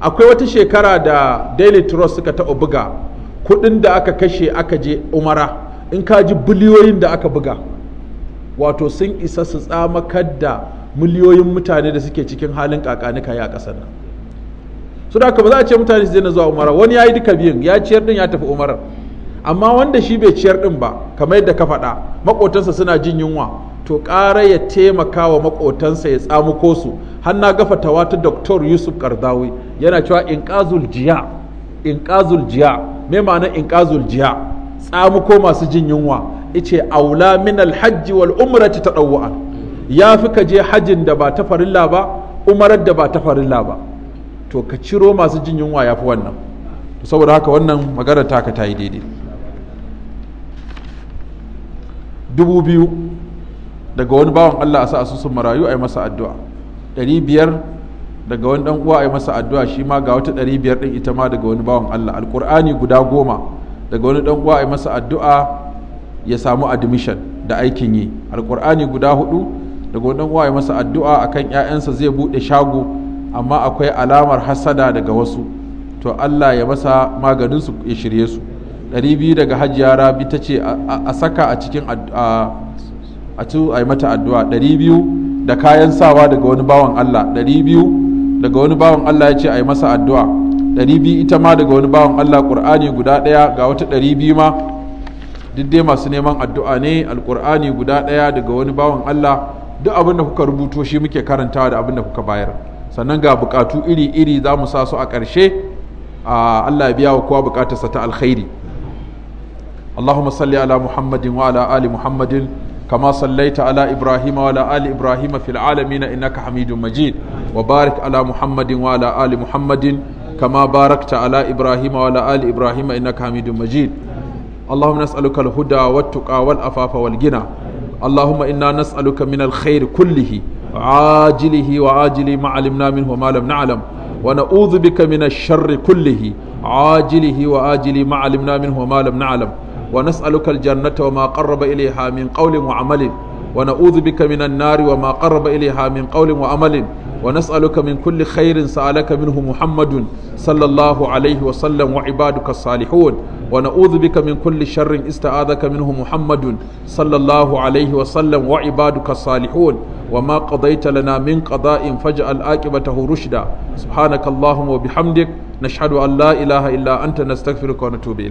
akwai wata shekara da daily trust suka taɓa buga kuɗin da aka kashe aka je umara in ka ji biliyoyin da aka buga wato sun isa su tsamakar da miliyoyin mutane da suke cikin halin kakanika ya ƙasar nan su da ba za a ce mutane su daina zuwa umara wani ya yi duka biyun ya ciyar din ya tafi umarar amma wanda shi bai ciyar din ba kamar yadda ka faɗa maƙotansa suna jin yunwa to ƙara ya taimaka wa maƙotansa ya tsamuko su har na gafa tawa ta Dr. Yusuf Kardawi yana cewa inqazul jiya jiya ma'ana inqazul jiya tsamuko masu jin yunwa ice aula min alhajji wal umrati tadawwa ya fi ka je hajjin da ba ta farilla ba umarar da ba ta farilla ba to ka ciro masu jin yunwa ya fi wannan to saboda haka wannan magana taka ta yi daidai dubu biyu daga wani bawan Allah a sa asusun marayu a yi masa addu'a ɗari biyar daga wani ɗan uwa a yi masa addu'a shi ma ga wata ɗari biyar ɗin ita ma daga wani bawan Allah alƙur'ani guda goma daga wani dan uwa a masa addu'a ya samu admission da aikin yi alkur'ani guda hudu daga wani dan uwa ya masa addu'a akan ƴaƴansa zai bude shago amma akwai alamar hasada daga wasu to Allah ya masa maganin su ya shirye su ɗari biyu daga hajiya rabi ta ce a saka a cikin a addu'a ɗari biyu da kayan sawa daga wani bawan Allah ɗari biyu daga wani bawan Allah ya ce a yi masa addu'a Ɗari biyu ita ma daga wani bawan Allah ƙur'ani guda ɗaya ga wata ɗari biyu ma duk dai masu neman addu'a ne alƙur'ani guda ɗaya daga wani bawan Allah duk abin da kuka rubuto shi muke karantawa da abin da kuka bayar sannan ga bukatu iri-iri za mu sa su a ƙarshe Allah ya biya wa kowa bukatarsa ta alkhairi Allahumma salli ala Muhammadin wa ala ali Muhammadin كما صليت على إبراهيم وعلى آل إبراهيم في العالمين إنك حميد مجيد وبارك على محمد وعلى آل محمد كما باركت على إبراهيم وعلى آل إبراهيم إنك حميد مجيد اللهم نسألك الهدى والتقى والأفاف والغنى اللهم إنا نسألك من الخير كله عاجله وعاجله ما علمنا منه وما لم نعلم ونعوذ بك من الشر كله عاجله وآجله ما علمنا منه وما لم نعلم ونسألك الجنة وما قرب إليها من قول وعمل wa na uzu bi kamin nan nari wa maƙar ƙaulin wa amalin wa na tsalo kamin kulle khairin sa alaka min hu muhammadun sallallahu alaihi wa sallam wa ibadu ka salihun wa na uzu bi kamin kulle sharrin ista aza kamin hu muhammadun sallallahu alaihi wa sallam wa ibadu ka salihun wa ma ƙadai tala min ƙada in faja al'aƙi ba ta huru shida subhanakallahu wa bihamdik na shaɗu allah ilaha illa anta ta na stafirka na tobe